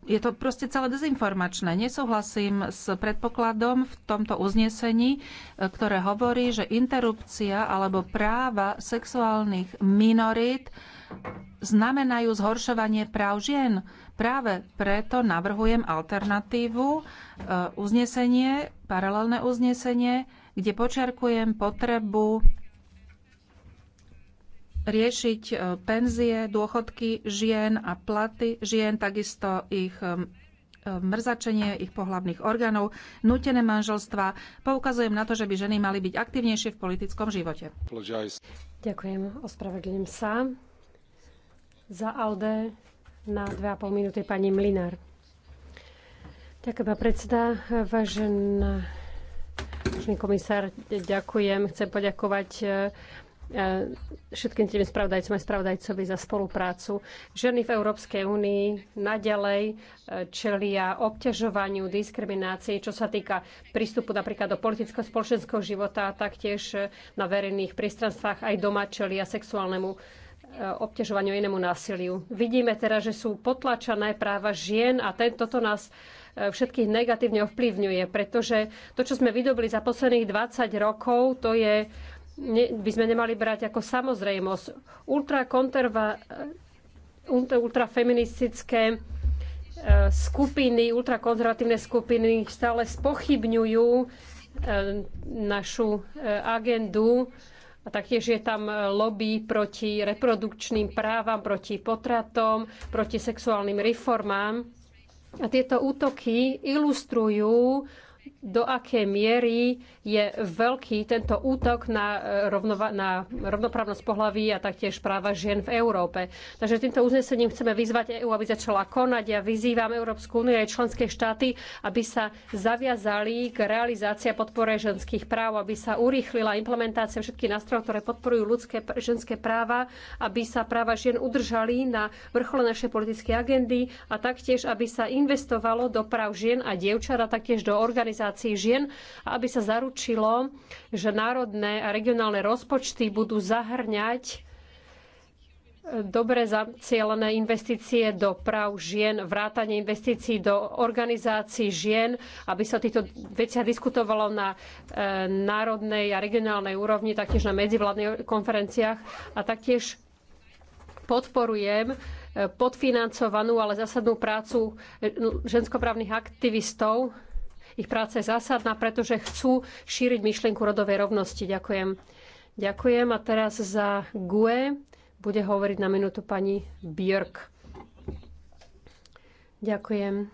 A: je to proste celé dezinformačné. Nesúhlasím s predpokladom v tomto uznesení, e, ktoré hovorí, že interrupcia alebo práva sexuálnych minorít znamenajú zhoršovanie práv žien. Práve preto navrhujem alternatívu, e, uznesenie, paralelné uznesenie, kde počiarkujem potrebu riešiť e, penzie, dôchodky žien a platy žien, takisto ich e, e, mrzačenie ich pohlavných orgánov, nutené manželstva. Poukazujem na to, že by ženy mali byť aktívnejšie v politickom živote. Ďakujem, ospravedlňujem sa. Za Alde
D: na 2,5 minúty pani Mlinár. Ďakujem, pán predseda. Vážený komisár, ďakujem. Chcem poďakovať E, všetkým tým spravodajcom aj spravodajcovi za spoluprácu. Ženy v Európskej únii naďalej e, čelia obťažovaniu, diskriminácii, čo sa týka prístupu napríklad do politického spoločenského života, taktiež e, na verejných priestranstvách aj doma čelia sexuálnemu obťažovaniu inému násiliu. Vidíme teraz, že sú potlačané práva žien a toto nás všetkých negatívne ovplyvňuje, pretože to, čo sme vydobili za posledných 20 rokov, to je ne, by sme nemali brať ako samozrejmosť. Ultrakonterva, ultrafeministické e, skupiny, ultrakonzervatívne skupiny stále spochybňujú e, našu e, agendu a taktiež je tam lobby proti reprodukčným právam, proti potratom, proti sexuálnym reformám. A tieto útoky ilustrujú do akej miery je veľký tento útok na, eh, rovnova- na rovnoprávnosť pohlaví a taktiež práva žien v Európe. Takže týmto uznesením chceme vyzvať EÚ, aby začala konať. Ja vyzývam Európsku úniu aj členské štáty, aby sa zaviazali k realizácii a podpore ženských práv, aby sa urýchlila implementácia všetkých nástrojov, ktoré podporujú ľudské ženské práva, aby sa práva žien udržali na vrchole našej politickej agendy a taktiež, aby sa investovalo do práv žien a dievčat a taktiež do organizácií organizácií žien a aby sa zaručilo, že národné a regionálne rozpočty budú zahrňať eh, dobre zacielené investície do práv žien, vrátanie investícií do organizácií žien, aby sa o týchto veciach diskutovalo na eh, národnej a regionálnej úrovni, taktiež na medzivládnych konferenciách a taktiež podporujem eh, podfinancovanú, ale zásadnú prácu no, ženskoprávnych aktivistov ich práca je zásadná, pretože chcú šíriť myšlienku rodovej rovnosti. Ďakujem. Ďakujem a teraz za GUE bude hovoriť na minútu pani Björk. Ďakujem.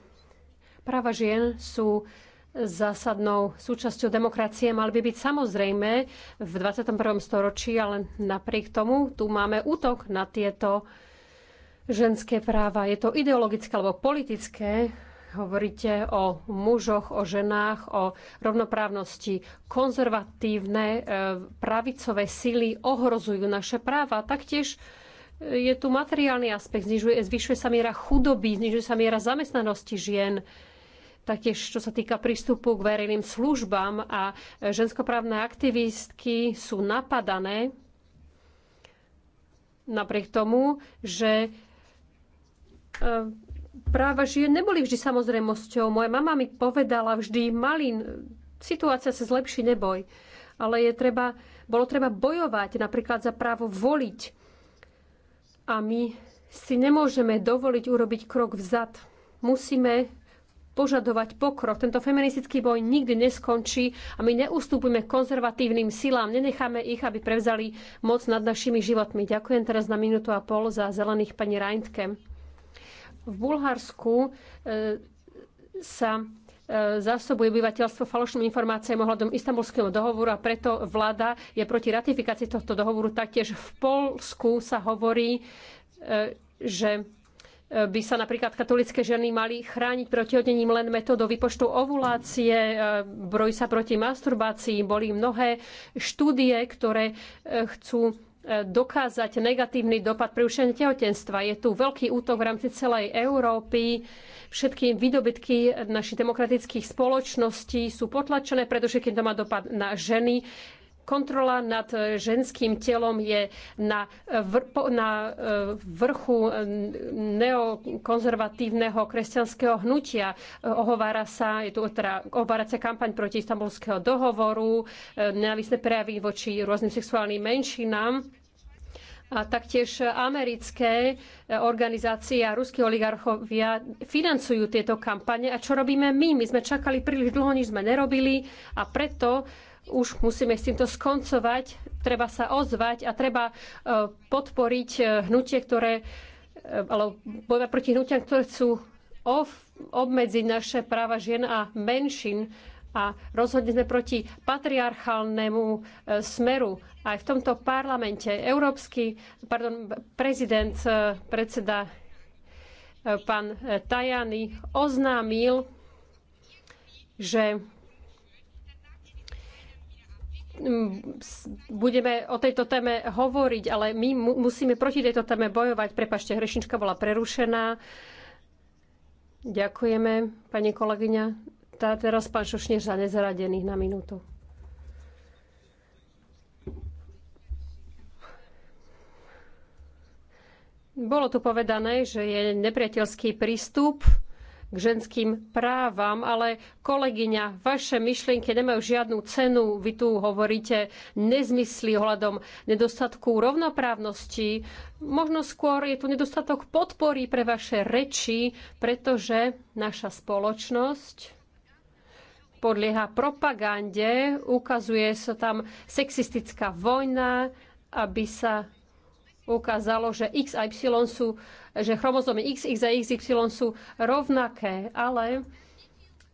D: Práva žien sú zásadnou súčasťou demokracie mali by byť samozrejme v 21. storočí, ale napriek tomu tu máme útok na tieto ženské práva. Je to ideologické alebo politické hovoríte o mužoch, o ženách, o rovnoprávnosti. Konzervatívne e, pravicové sily ohrozujú naše práva. Taktiež e, je tu materiálny aspekt, znižuje, zvyšuje sa miera chudoby, znižuje sa miera zamestnanosti žien. Taktiež, čo sa týka prístupu k verejným službám a e, ženskoprávne aktivistky sú napadané napriek tomu, že práva žien neboli vždy samozrejmosťou. Moja mama mi povedala vždy, Malin, situácia sa zlepší, neboj. Ale je treba, bolo treba bojovať napríklad za právo voliť. A my si nemôžeme dovoliť urobiť krok vzad. Musíme požadovať pokrok. Tento feministický boj nikdy neskončí a my neustúpime konzervatívnym silám, nenecháme ich, aby prevzali moc nad našimi životmi. Ďakujem teraz na minútu a pol za zelených pani Reintke. V Bulharsku e, sa e, zásobuje obyvateľstvo falošným informáciám ohľadom istambulského dohovoru a preto vláda je proti ratifikácii tohto dohovoru. Taktiež v Polsku sa hovorí, e, že by sa napríklad katolické ženy mali chrániť proti odnením len metódou vypočtu ovulácie, broj sa proti masturbácii. Boli mnohé štúdie, ktoré chcú E, dokázať negatívny dopad prerušenia tehotenstva. Je tu veľký útok v rámci celej Európy. Všetky výdobytky našich demokratických spoločností sú potlačené, pretože keď to má dopad na ženy, Kontrola nad e, ženským telom je na, e, vr- na e, vrchu neokonzervatívneho kresťanského hnutia. Ohovára sa, je tu teda ohováracia kampaň proti istambulského dohovoru, nenávisné prejavy voči rôznym sexuálnym menšinám a taktiež americké organizácie a ruskí oligarchovia financujú tieto kampane. A čo robíme my? My sme čakali príliš dlho, nič sme nerobili a preto už musíme s týmto skoncovať, treba sa ozvať a treba e, podporiť e, hnutie, ktoré, e, alebo bojovať proti hnutiam, ktoré chcú obmedziť naše práva žien a menšin a rozhodne sme proti patriarchálnemu smeru. Aj v tomto parlamente európsky pardon, prezident, predseda pán Tajany oznámil, že budeme o tejto téme hovoriť, ale my mu, musíme proti tejto téme bojovať. Prepašte, hrešnička bola prerušená. Ďakujeme, pani kolegyňa. Tá teraz pán Šošnier za nezaradených na minútu. Bolo tu povedané, že je nepriateľský prístup k ženským právam, ale kolegyňa, vaše myšlienky nemajú žiadnu cenu. Vy tu hovoríte nezmysly ohľadom nedostatku rovnoprávnosti. Možno skôr je tu nedostatok podpory pre vaše reči, pretože naša spoločnosť podlieha propagande, ukazuje sa tam sexistická vojna, aby sa ukázalo, že X a Y sú, že chromozómy X, X a XY sú rovnaké, ale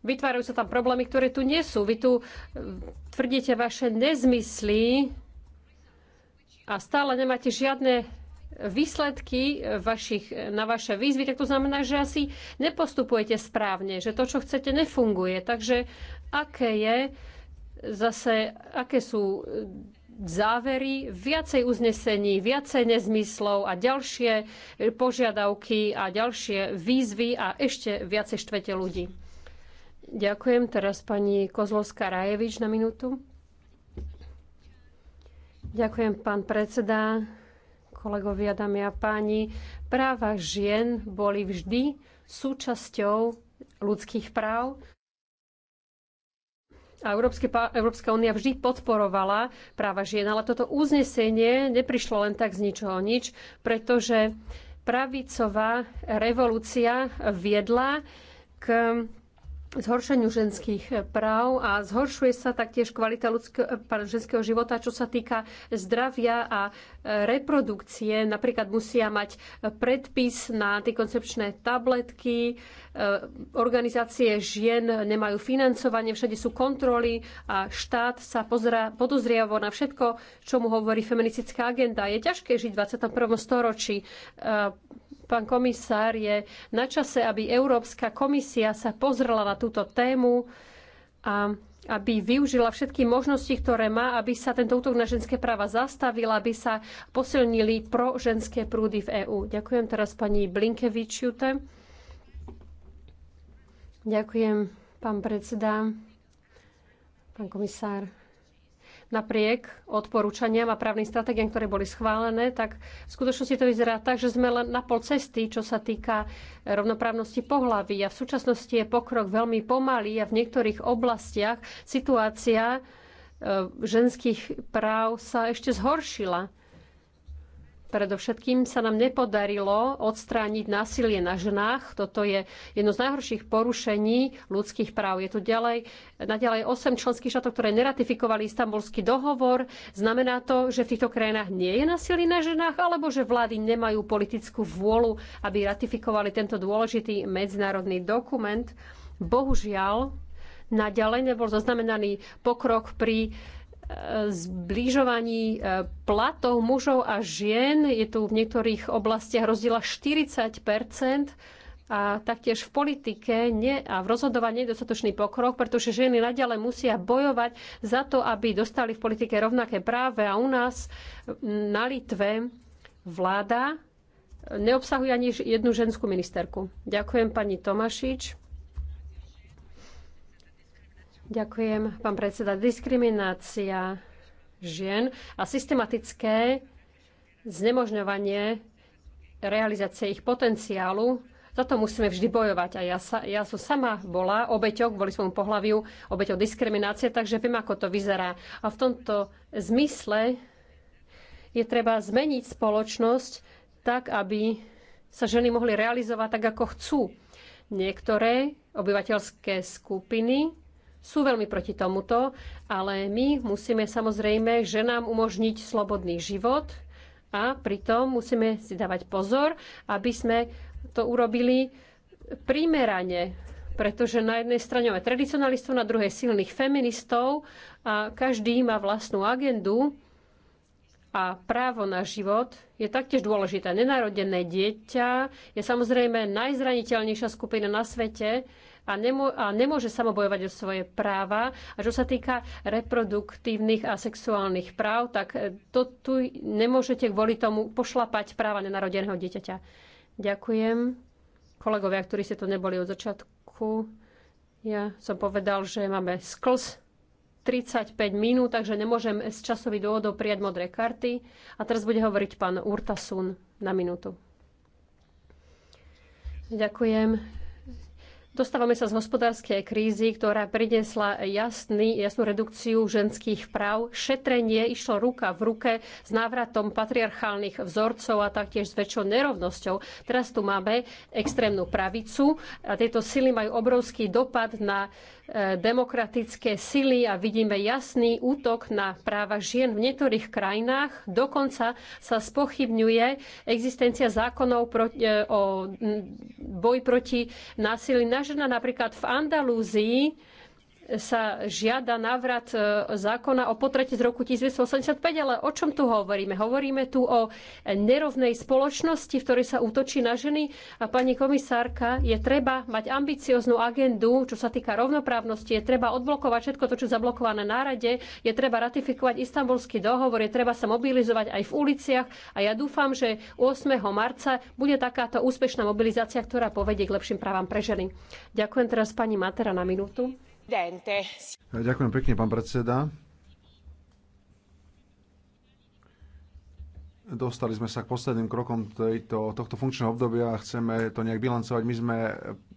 D: vytvárajú sa tam problémy, ktoré tu nie sú. Vy tu e, tvrdíte vaše nezmysly a stále nemáte žiadne výsledky e, vašich, e, na vaše výzvy, tak to znamená, že asi nepostupujete správne, že to, čo chcete, nefunguje. Takže aké je zase, aké sú závery, viacej uznesení, viacej nezmyslov a ďalšie požiadavky a ďalšie výzvy a ešte viacej štvete ľudí. Ďakujem. Teraz pani Kozlovská Rajevič na minútu. Ďakujem, pán predseda, kolegovia, dámy a páni. Práva žien boli vždy súčasťou ľudských práv a Európska únia vždy podporovala práva žien, ale toto uznesenie neprišlo len tak z ničoho nič, pretože pravicová revolúcia viedla k zhoršeniu ženských práv a zhoršuje sa taktiež kvalita ľudského, ženského života, čo sa týka zdravia a reprodukcie. Napríklad musia mať predpis na antikoncepčné tabletky, e, organizácie žien nemajú financovanie, všade sú kontroly a štát sa pozera, podozriavo na všetko, čo mu hovorí feministická agenda. Je ťažké žiť v 21. storočí e, Pán komisár, je na čase, aby Európska komisia sa pozrela na túto tému a aby využila všetky možnosti, ktoré má, aby sa tento útok na ženské práva zastavil, aby sa posilnili pro ženské prúdy v EÚ. Ďakujem teraz pani Blinkevičiute. Ďakujem, pán predseda, pán komisár napriek odporúčaniam a právnym stratégiám, ktoré boli schválené, tak v skutočnosti to vyzerá tak, že sme len na pol cesty, čo sa týka rovnoprávnosti pohlaví. A v súčasnosti je pokrok veľmi pomalý a v niektorých oblastiach situácia e, ženských práv sa ešte zhoršila. Predovšetkým sa nám nepodarilo odstrániť násilie na ženách. Toto je jedno z najhorších porušení ľudských práv. Je tu ďalej, naďalej 8 členských štátov, ktoré neratifikovali istambulský dohovor. Znamená to, že v týchto krajinách nie je násilie na ženách, alebo že vlády nemajú politickú vôľu, aby ratifikovali tento dôležitý medzinárodný dokument. Bohužiaľ, naďalej nebol zaznamenaný pokrok pri zbližovaní e, platov mužov a žien. Je tu v niektorých oblastiach rozdiela 40 a taktiež v politike nie, a v rozhodovaní je dostatočný pokrok, pretože ženy naďalej musia bojovať za to, aby dostali v politike rovnaké práve a u nás na Litve vláda neobsahuje ani jednu ženskú ministerku. Ďakujem pani Tomašič. Ďakujem, pán predseda. Diskriminácia žien a systematické znemožňovanie realizácie ich potenciálu. Za to musíme vždy bojovať. A ja, sa, ja som sama bola obeťou kvôli svojmu pohľaviu, obeťou diskriminácie, takže viem, ako to vyzerá. A v tomto zmysle je treba zmeniť spoločnosť tak, aby sa ženy mohli realizovať tak, ako chcú. Niektoré obyvateľské skupiny sú veľmi proti tomuto, ale my musíme samozrejme ženám umožniť slobodný život a pritom musíme si dávať pozor, aby sme to urobili primerane, pretože na jednej strane máme tradicionalistov, na druhej silných feministov a každý má vlastnú agendu a právo na život je taktiež dôležité. Nenarodené dieťa je samozrejme najzraniteľnejšia skupina na svete a, nemô- a nemôže samobojovať o svoje práva. A čo sa týka reproduktívnych a sexuálnych práv, tak e, to tu nemôžete kvôli tomu pošlapať práva nenarodeného dieťaťa. Ďakujem. Kolegovia, ktorí ste to neboli od začiatku, ja som povedal, že máme sklz 35 minút, takže nemôžem z časových dôvodov prijať modré karty. A teraz bude hovoriť pán Urtasun na minútu. Ďakujem. Dostávame sa z hospodárskej krízy, ktorá priniesla jasný, jasnú redukciu ženských práv. Šetrenie išlo ruka v ruke s návratom patriarchálnych vzorcov a taktiež s väčšou nerovnosťou. Teraz tu máme extrémnu pravicu a tieto sily majú obrovský dopad na E, demokratické sily a vidíme jasný útok na práva žien v niektorých krajinách. Dokonca sa spochybňuje existencia zákonov e, o boji proti násilí na žena. Napríklad v Andalúzii sa žiada návrat e, zákona o potrate z roku 1985, ale o čom tu hovoríme? Hovoríme tu o nerovnej spoločnosti, v ktorej sa útočí na ženy. A pani komisárka, je treba mať ambicioznú agendu, čo sa týka rovnoprávnosti, je treba odblokovať všetko to, čo je zablokované na rade, je treba ratifikovať istambulský dohovor, je treba sa mobilizovať aj v uliciach a ja dúfam, že 8. marca bude takáto úspešná mobilizácia, ktorá povedie k lepším právam pre ženy. Ďakujem teraz pani Matera na minútu.
B: Ďakujem
E: pekne, pán predseda. Dostali sme sa k posledným krokom tejto, tohto funkčného obdobia a chceme to nejak bilancovať. My sme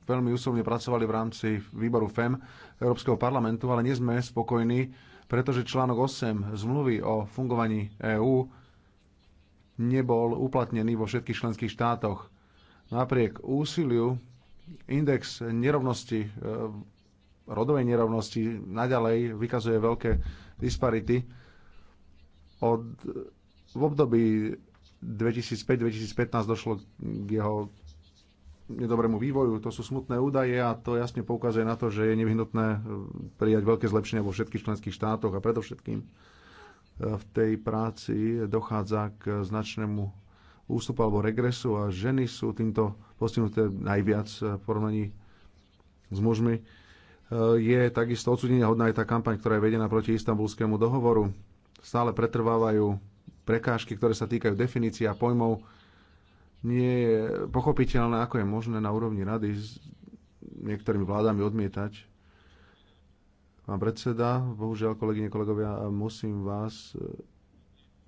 E: veľmi úsobne pracovali v rámci výboru FEM Európskeho parlamentu, ale nie sme spokojní, pretože článok 8 zmluvy o fungovaní EÚ nebol uplatnený vo všetkých členských štátoch. Napriek úsiliu index nerovnosti e, rodovej nerovnosti naďalej vykazuje veľké disparity. Od, v období 2005-2015 došlo k jeho nedobrému vývoju. To sú smutné údaje a to jasne poukazuje na to, že je nevyhnutné eh, prijať veľké zlepšenia vo všetkých členských štátoch a predovšetkým eh, v tej práci dochádza k značnému ústupu alebo regresu a ženy sú týmto postihnuté najviac eh, v porovnaní s mužmi je takisto odsudenia hodná aj tá kampaň, ktorá je vedená proti istambulskému dohovoru. Stále pretrvávajú prekážky, ktoré sa týkajú definícií a pojmov. Nie je pochopiteľné, ako je možné na úrovni rady s niektorými vládami odmietať. Pán predseda, bohužiaľ, kolegyne, kolegovia, musím vás eh,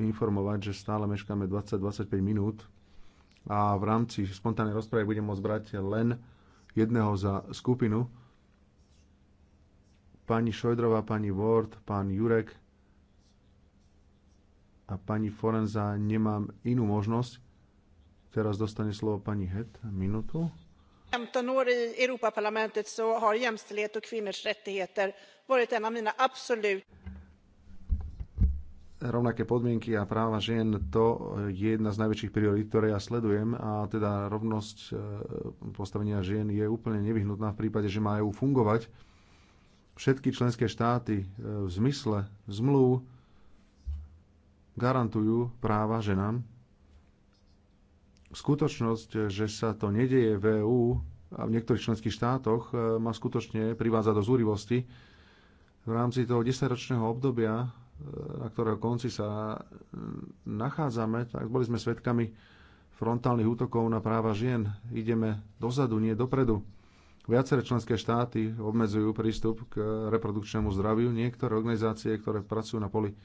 E: informovať, že stále meškáme 20-25 minút a v rámci spontánnej rozpravy budem môcť brať len jedného za skupinu pani Šojdrová, pani Ward, pán Jurek a pani Forenza nemám inú možnosť. Teraz dostane slovo pani Het. Minútu.
A: 15 år i Europaparlamentet så har jämställdhet och kvinnors rättigheter varit en av mina absolut
E: rovnaké podmienky a práva žien, to je jedna z najväčších priorít, ktoré ja sledujem a teda rovnosť e, postavenia žien je úplne nevyhnutná v prípade, že majú fungovať všetky členské štáty e, v zmysle zmluv garantujú práva ženám. Skutočnosť, že sa to nedeje v EÚ a v niektorých členských štátoch, e, ma skutočne privádza do zúrivosti. V rámci toho desaťročného obdobia, e, na ktorého konci sa nachádzame, tak boli sme svedkami frontálnych útokov na práva žien. Ideme dozadu, nie dopredu Viaceré členské štáty obmedzujú prístup k reprodukčnému zdraviu. Niektoré organizácie, ktoré pracujú na poli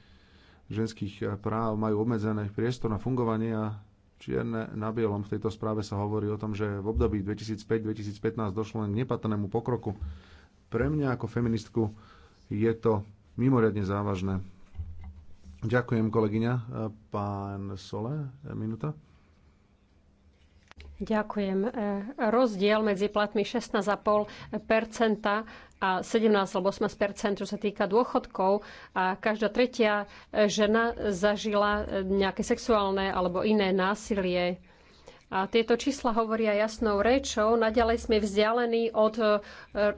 E: ženských práv, majú obmedzené priestor na fungovanie a čierne na bielom v tejto správe sa hovorí o tom, že v období 2005-2015 došlo len k nepatrnému pokroku. Pre mňa ako feministku je to mimoriadne závažné. Ďakujem, kolegyňa. Pán Sole, minúta.
D: Ďakujem. E, rozdiel medzi platmi 16,5 a 17 alebo 18 čo sa týka dôchodkov a každá tretia e, žena zažila e, nejaké sexuálne alebo iné násilie. A tieto čísla hovoria jasnou rečou. Naďalej sme vzdialení od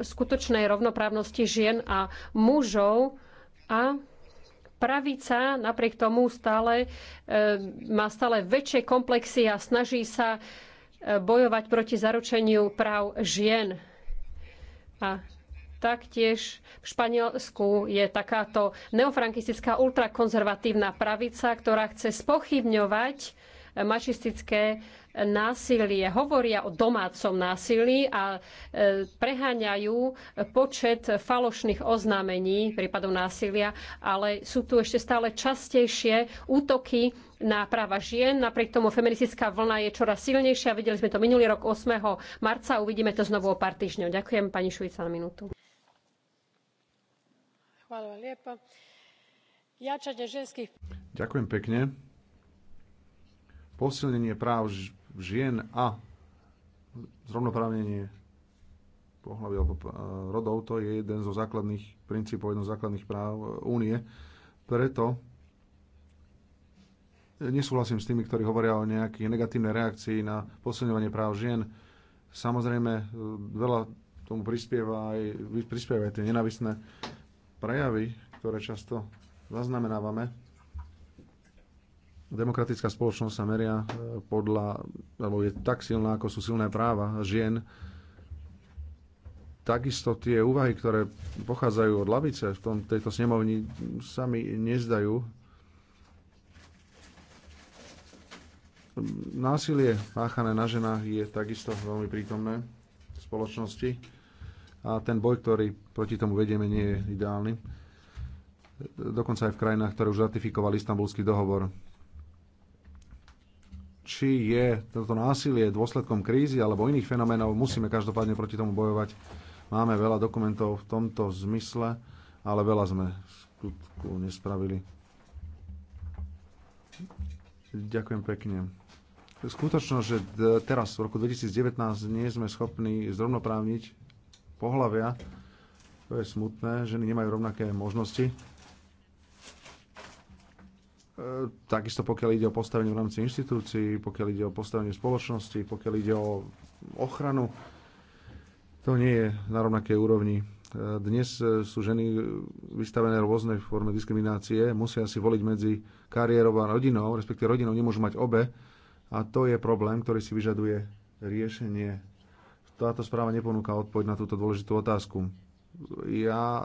D: skutočnej rovnoprávnosti žien a mužov a pravica napriek tomu stále má stále väčšie komplexy a snaží sa bojovať proti zaručeniu práv žien. A taktiež v Španielsku je takáto neofrankistická ultrakonzervatívna pravica, ktorá chce spochybňovať mačistické násilie, hovoria o domácom násilí a e, preháňajú počet falošných oznámení prípadov násilia, ale sú tu ešte stále častejšie útoky na práva žien. Napriek tomu feministická vlna je čoraz silnejšia. Videli sme to minulý rok 8. marca a uvidíme to znovu o pár týždňov. Ďakujem pani Šujica na minútu.
E: Ďakujem pekne. Posilnenie práv žien a zrovnoprávnenie pohľavy alebo eh, rodov, to je jeden zo základných princípov, jedno z základných práv eh, únie. Preto nesúhlasím s tými, ktorí hovoria o nejakých negatívnej reakcii na posilňovanie práv žien. Samozrejme, eh, veľa tomu prispieva aj, prispieva aj tie nenavisné prejavy, ktoré často zaznamenávame. Demokratická spoločnosť sa meria e, podľa, alebo je tak silná, ako sú silné práva žien. Takisto tie úvahy, ktoré pochádzajú od lavice v tom, tejto snemovni, sa mi nezdajú násilie páchané na ženách je takisto veľmi prítomné v spoločnosti a ten boj, ktorý proti tomu vedieme, nie je ideálny. Dokonca aj v krajinách, ktoré už ratifikovali istambulský dohovor či je toto násilie dôsledkom krízy alebo iných fenoménov, musíme každopádne proti tomu bojovať. Máme veľa dokumentov v tomto zmysle, ale veľa sme skutku nespravili. Ďakujem pekne. Skutočnosť, že teraz v roku 2019 nie sme schopní zrovnoprávniť pohľavia, to je smutné, ženy nemajú rovnaké možnosti E, takisto pokiaľ ide o postavenie v rámci inštitúcií, pokiaľ ide o postavenie spoločnosti, pokiaľ ide o ochranu, to nie je na rovnakej úrovni. E, dnes e, sú ženy vystavené rôzne forme diskriminácie, musia si voliť medzi kariérou a rodinou, respektíve rodinou nemôžu mať obe a to je problém, ktorý si vyžaduje riešenie. Táto správa neponúka odpoveď na túto dôležitú otázku. Ja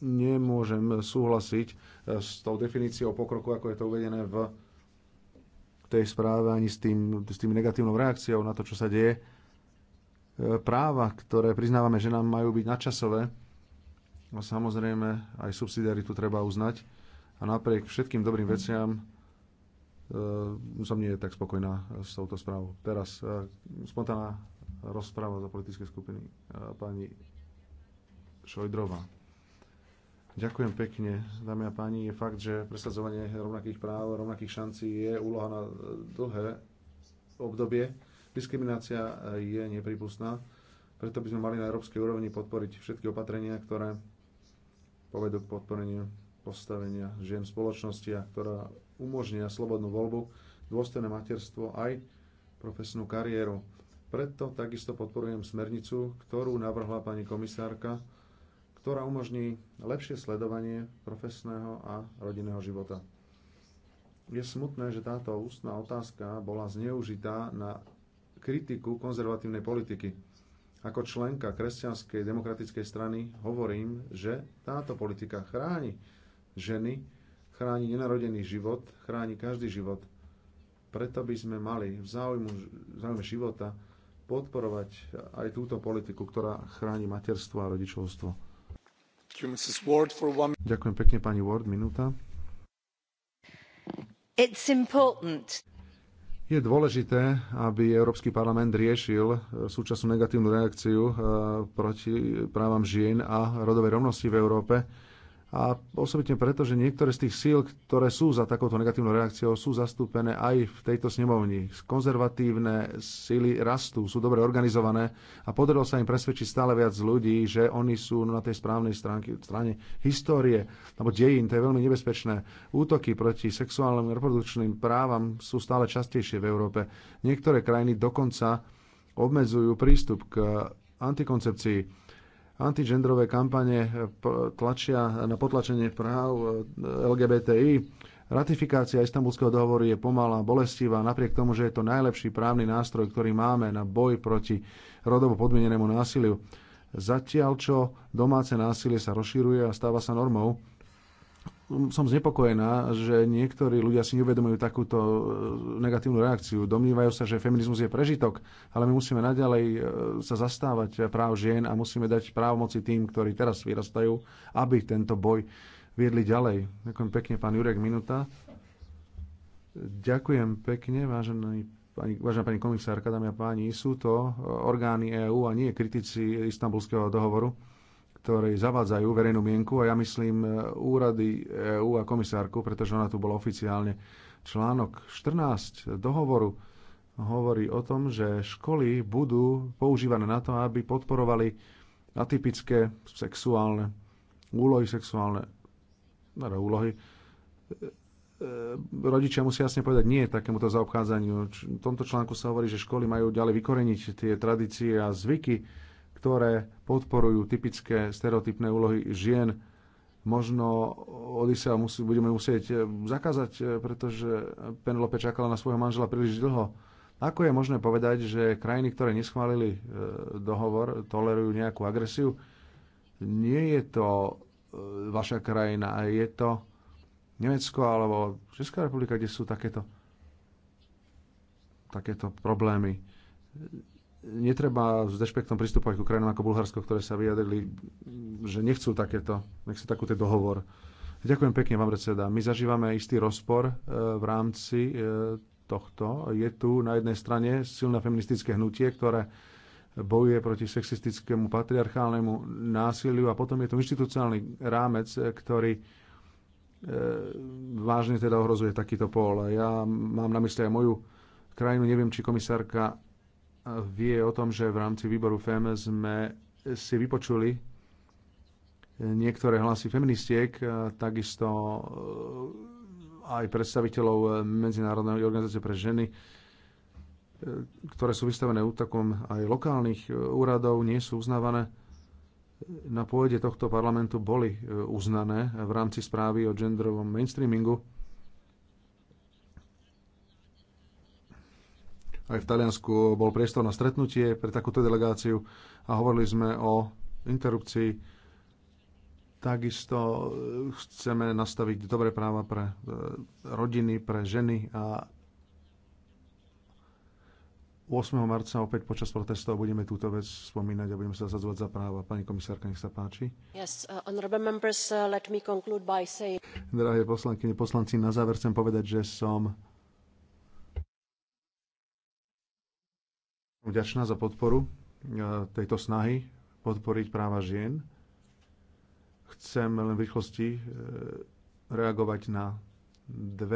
E: nemôžem súhlasiť eh, s tou definíciou pokroku, ako je to uvedené v tej správe, ani s tým, s tým negatívnou reakciou na to, čo sa deje. Eh, práva, ktoré priznávame, že nám majú byť nadčasové, no samozrejme aj subsidiaritu treba uznať. A napriek všetkým dobrým veciam e, som nie je tak spokojná s touto správou. Teraz e, spontánna rozpráva za politické skupiny e, pani Šojdrová. Ďakujem pekne, dámy a páni. Je fakt, že presadzovanie rovnakých práv, rovnakých šancí je úloha na dlhé obdobie. Diskriminácia je nepripustná, preto by sme mali na európskej úrovni podporiť všetky opatrenia, ktoré povedú k podporeniu postavenia žien v spoločnosti a ktorá umožnia slobodnú voľbu, dôstojné materstvo aj profesnú kariéru. Preto takisto podporujem smernicu, ktorú navrhla pani komisárka ktorá umožní lepšie sledovanie profesného a rodinného života. Je smutné, že táto ústna otázka bola zneužitá na kritiku konzervatívnej politiky. Ako členka kresťanskej demokratickej strany hovorím, že táto politika chráni ženy, chráni nenarodený život, chráni každý život. Preto by sme mali v záujmu, v záujme života podporovať aj túto politiku, ktorá chráni materstvo a rodičovstvo. Ďakujem pekne, pani Ward, minúta. Je dôležité, aby Európsky parlament riešil e, súčasnú negatívnu reakciu e, proti právam žien a rodovej rovnosti v Európe a osobitne preto, že niektoré z tých síl, ktoré sú za takouto negatívnou reakciou, sú zastúpené aj v tejto snemovni. Konzervatívne síly rastú, sú dobre organizované a podarilo sa im presvedčiť stále viac ľudí, že oni sú na tej správnej stránke, strane histórie alebo dejín. To je veľmi nebezpečné. Útoky proti sexuálnym reprodukčným právam sú stále častejšie v Európe. Niektoré krajiny dokonca obmedzujú prístup k antikoncepcii Antigendrové kampane eh, tlačia na potlačenie práv eh, LGBTI. Ratifikácia istambulského dohovoru je pomalá, bolestivá, napriek tomu, že je to najlepší právny nástroj, ktorý máme na boj proti rodovo podmienenému násiliu. Zatiaľ, čo domáce násilie sa rozširuje a stáva sa normou, som znepokojená, že niektorí ľudia si neuvedomujú takúto e, negatívnu reakciu. Domnívajú sa, že feminizmus je prežitok, ale my musíme naďalej e, sa zastávať práv žien a musíme dať právomoci tým, ktorí teraz vyrastajú, aby tento boj viedli ďalej. Ďakujem pekne, pán Jurek, minúta. Ďakujem pekne, vážený pani, vážená pani komisárka, dámy a páni, sú to e, orgány EÚ a nie kritici istambulského dohovoru ktorej zavádzajú verejnú mienku a ja myslím e, úrady EÚ a komisárku, pretože ona tu bola oficiálne. Článok 14 dohovoru hovorí o tom, že školy budú používané na to, aby podporovali atypické sexuálne úlohy, sexuálne teda úlohy. E, e, rodičia musia jasne povedať nie takémuto zaobchádzaniu. V tomto článku sa hovorí, že školy majú ďalej vykoreniť tie tradície a zvyky, ktoré podporujú typické stereotypné úlohy žien. Možno Odisea musí, budeme musieť e, zakázať, e, pretože Penelope čakala na svojho manžela príliš dlho. Ako je možné povedať, že krajiny, ktoré neschválili e, dohovor, tolerujú nejakú agresiu? Nie je to vaša krajina, je to Nemecko alebo Česká republika, kde sú takéto, takéto problémy netreba s dešpektom pristúpať k krajinám ako Bulharsko, ktoré sa vyjadrili, že nechcú takéto, nechcú takúto dohovor. Ďakujem pekne vám, predseda. My zažívame istý rozpor e, v rámci e, tohto. Je tu na jednej strane silné feministické hnutie, ktoré bojuje proti sexistickému patriarchálnemu násiliu a potom je tu inštitucionálny rámec, e, ktorý vážne teda ohrozuje takýto pól. Ja mám na mysli aj moju krajinu, neviem, či komisárka vie o tom, že v rámci výboru FEM sme si vypočuli niektoré hlasy feministiek, takisto e, aj predstaviteľov Medzinárodnej organizácie pre ženy, e, ktoré sú vystavené útakom aj lokálnych e, úradov, nie sú uznávané. Na pôde tohto parlamentu boli uznané v rámci správy o genderovom mainstreamingu aj v Taliansku bol priestor na stretnutie pre takúto delegáciu a hovorili sme o interrupcii. Takisto chceme nastaviť dobré práva pre e, rodiny, pre ženy a 8. marca opäť počas protestov budeme túto vec spomínať a budeme sa zazvať za práva. Pani komisárka, nech sa páči.
D: Yes, uh, members, uh, let me by saying...
E: Drahé poslanky, poslanci, na záver chcem povedať, že som vďačná za podporu e, tejto snahy podporiť práva žien. Chcem len v rýchlosti e, reagovať na dve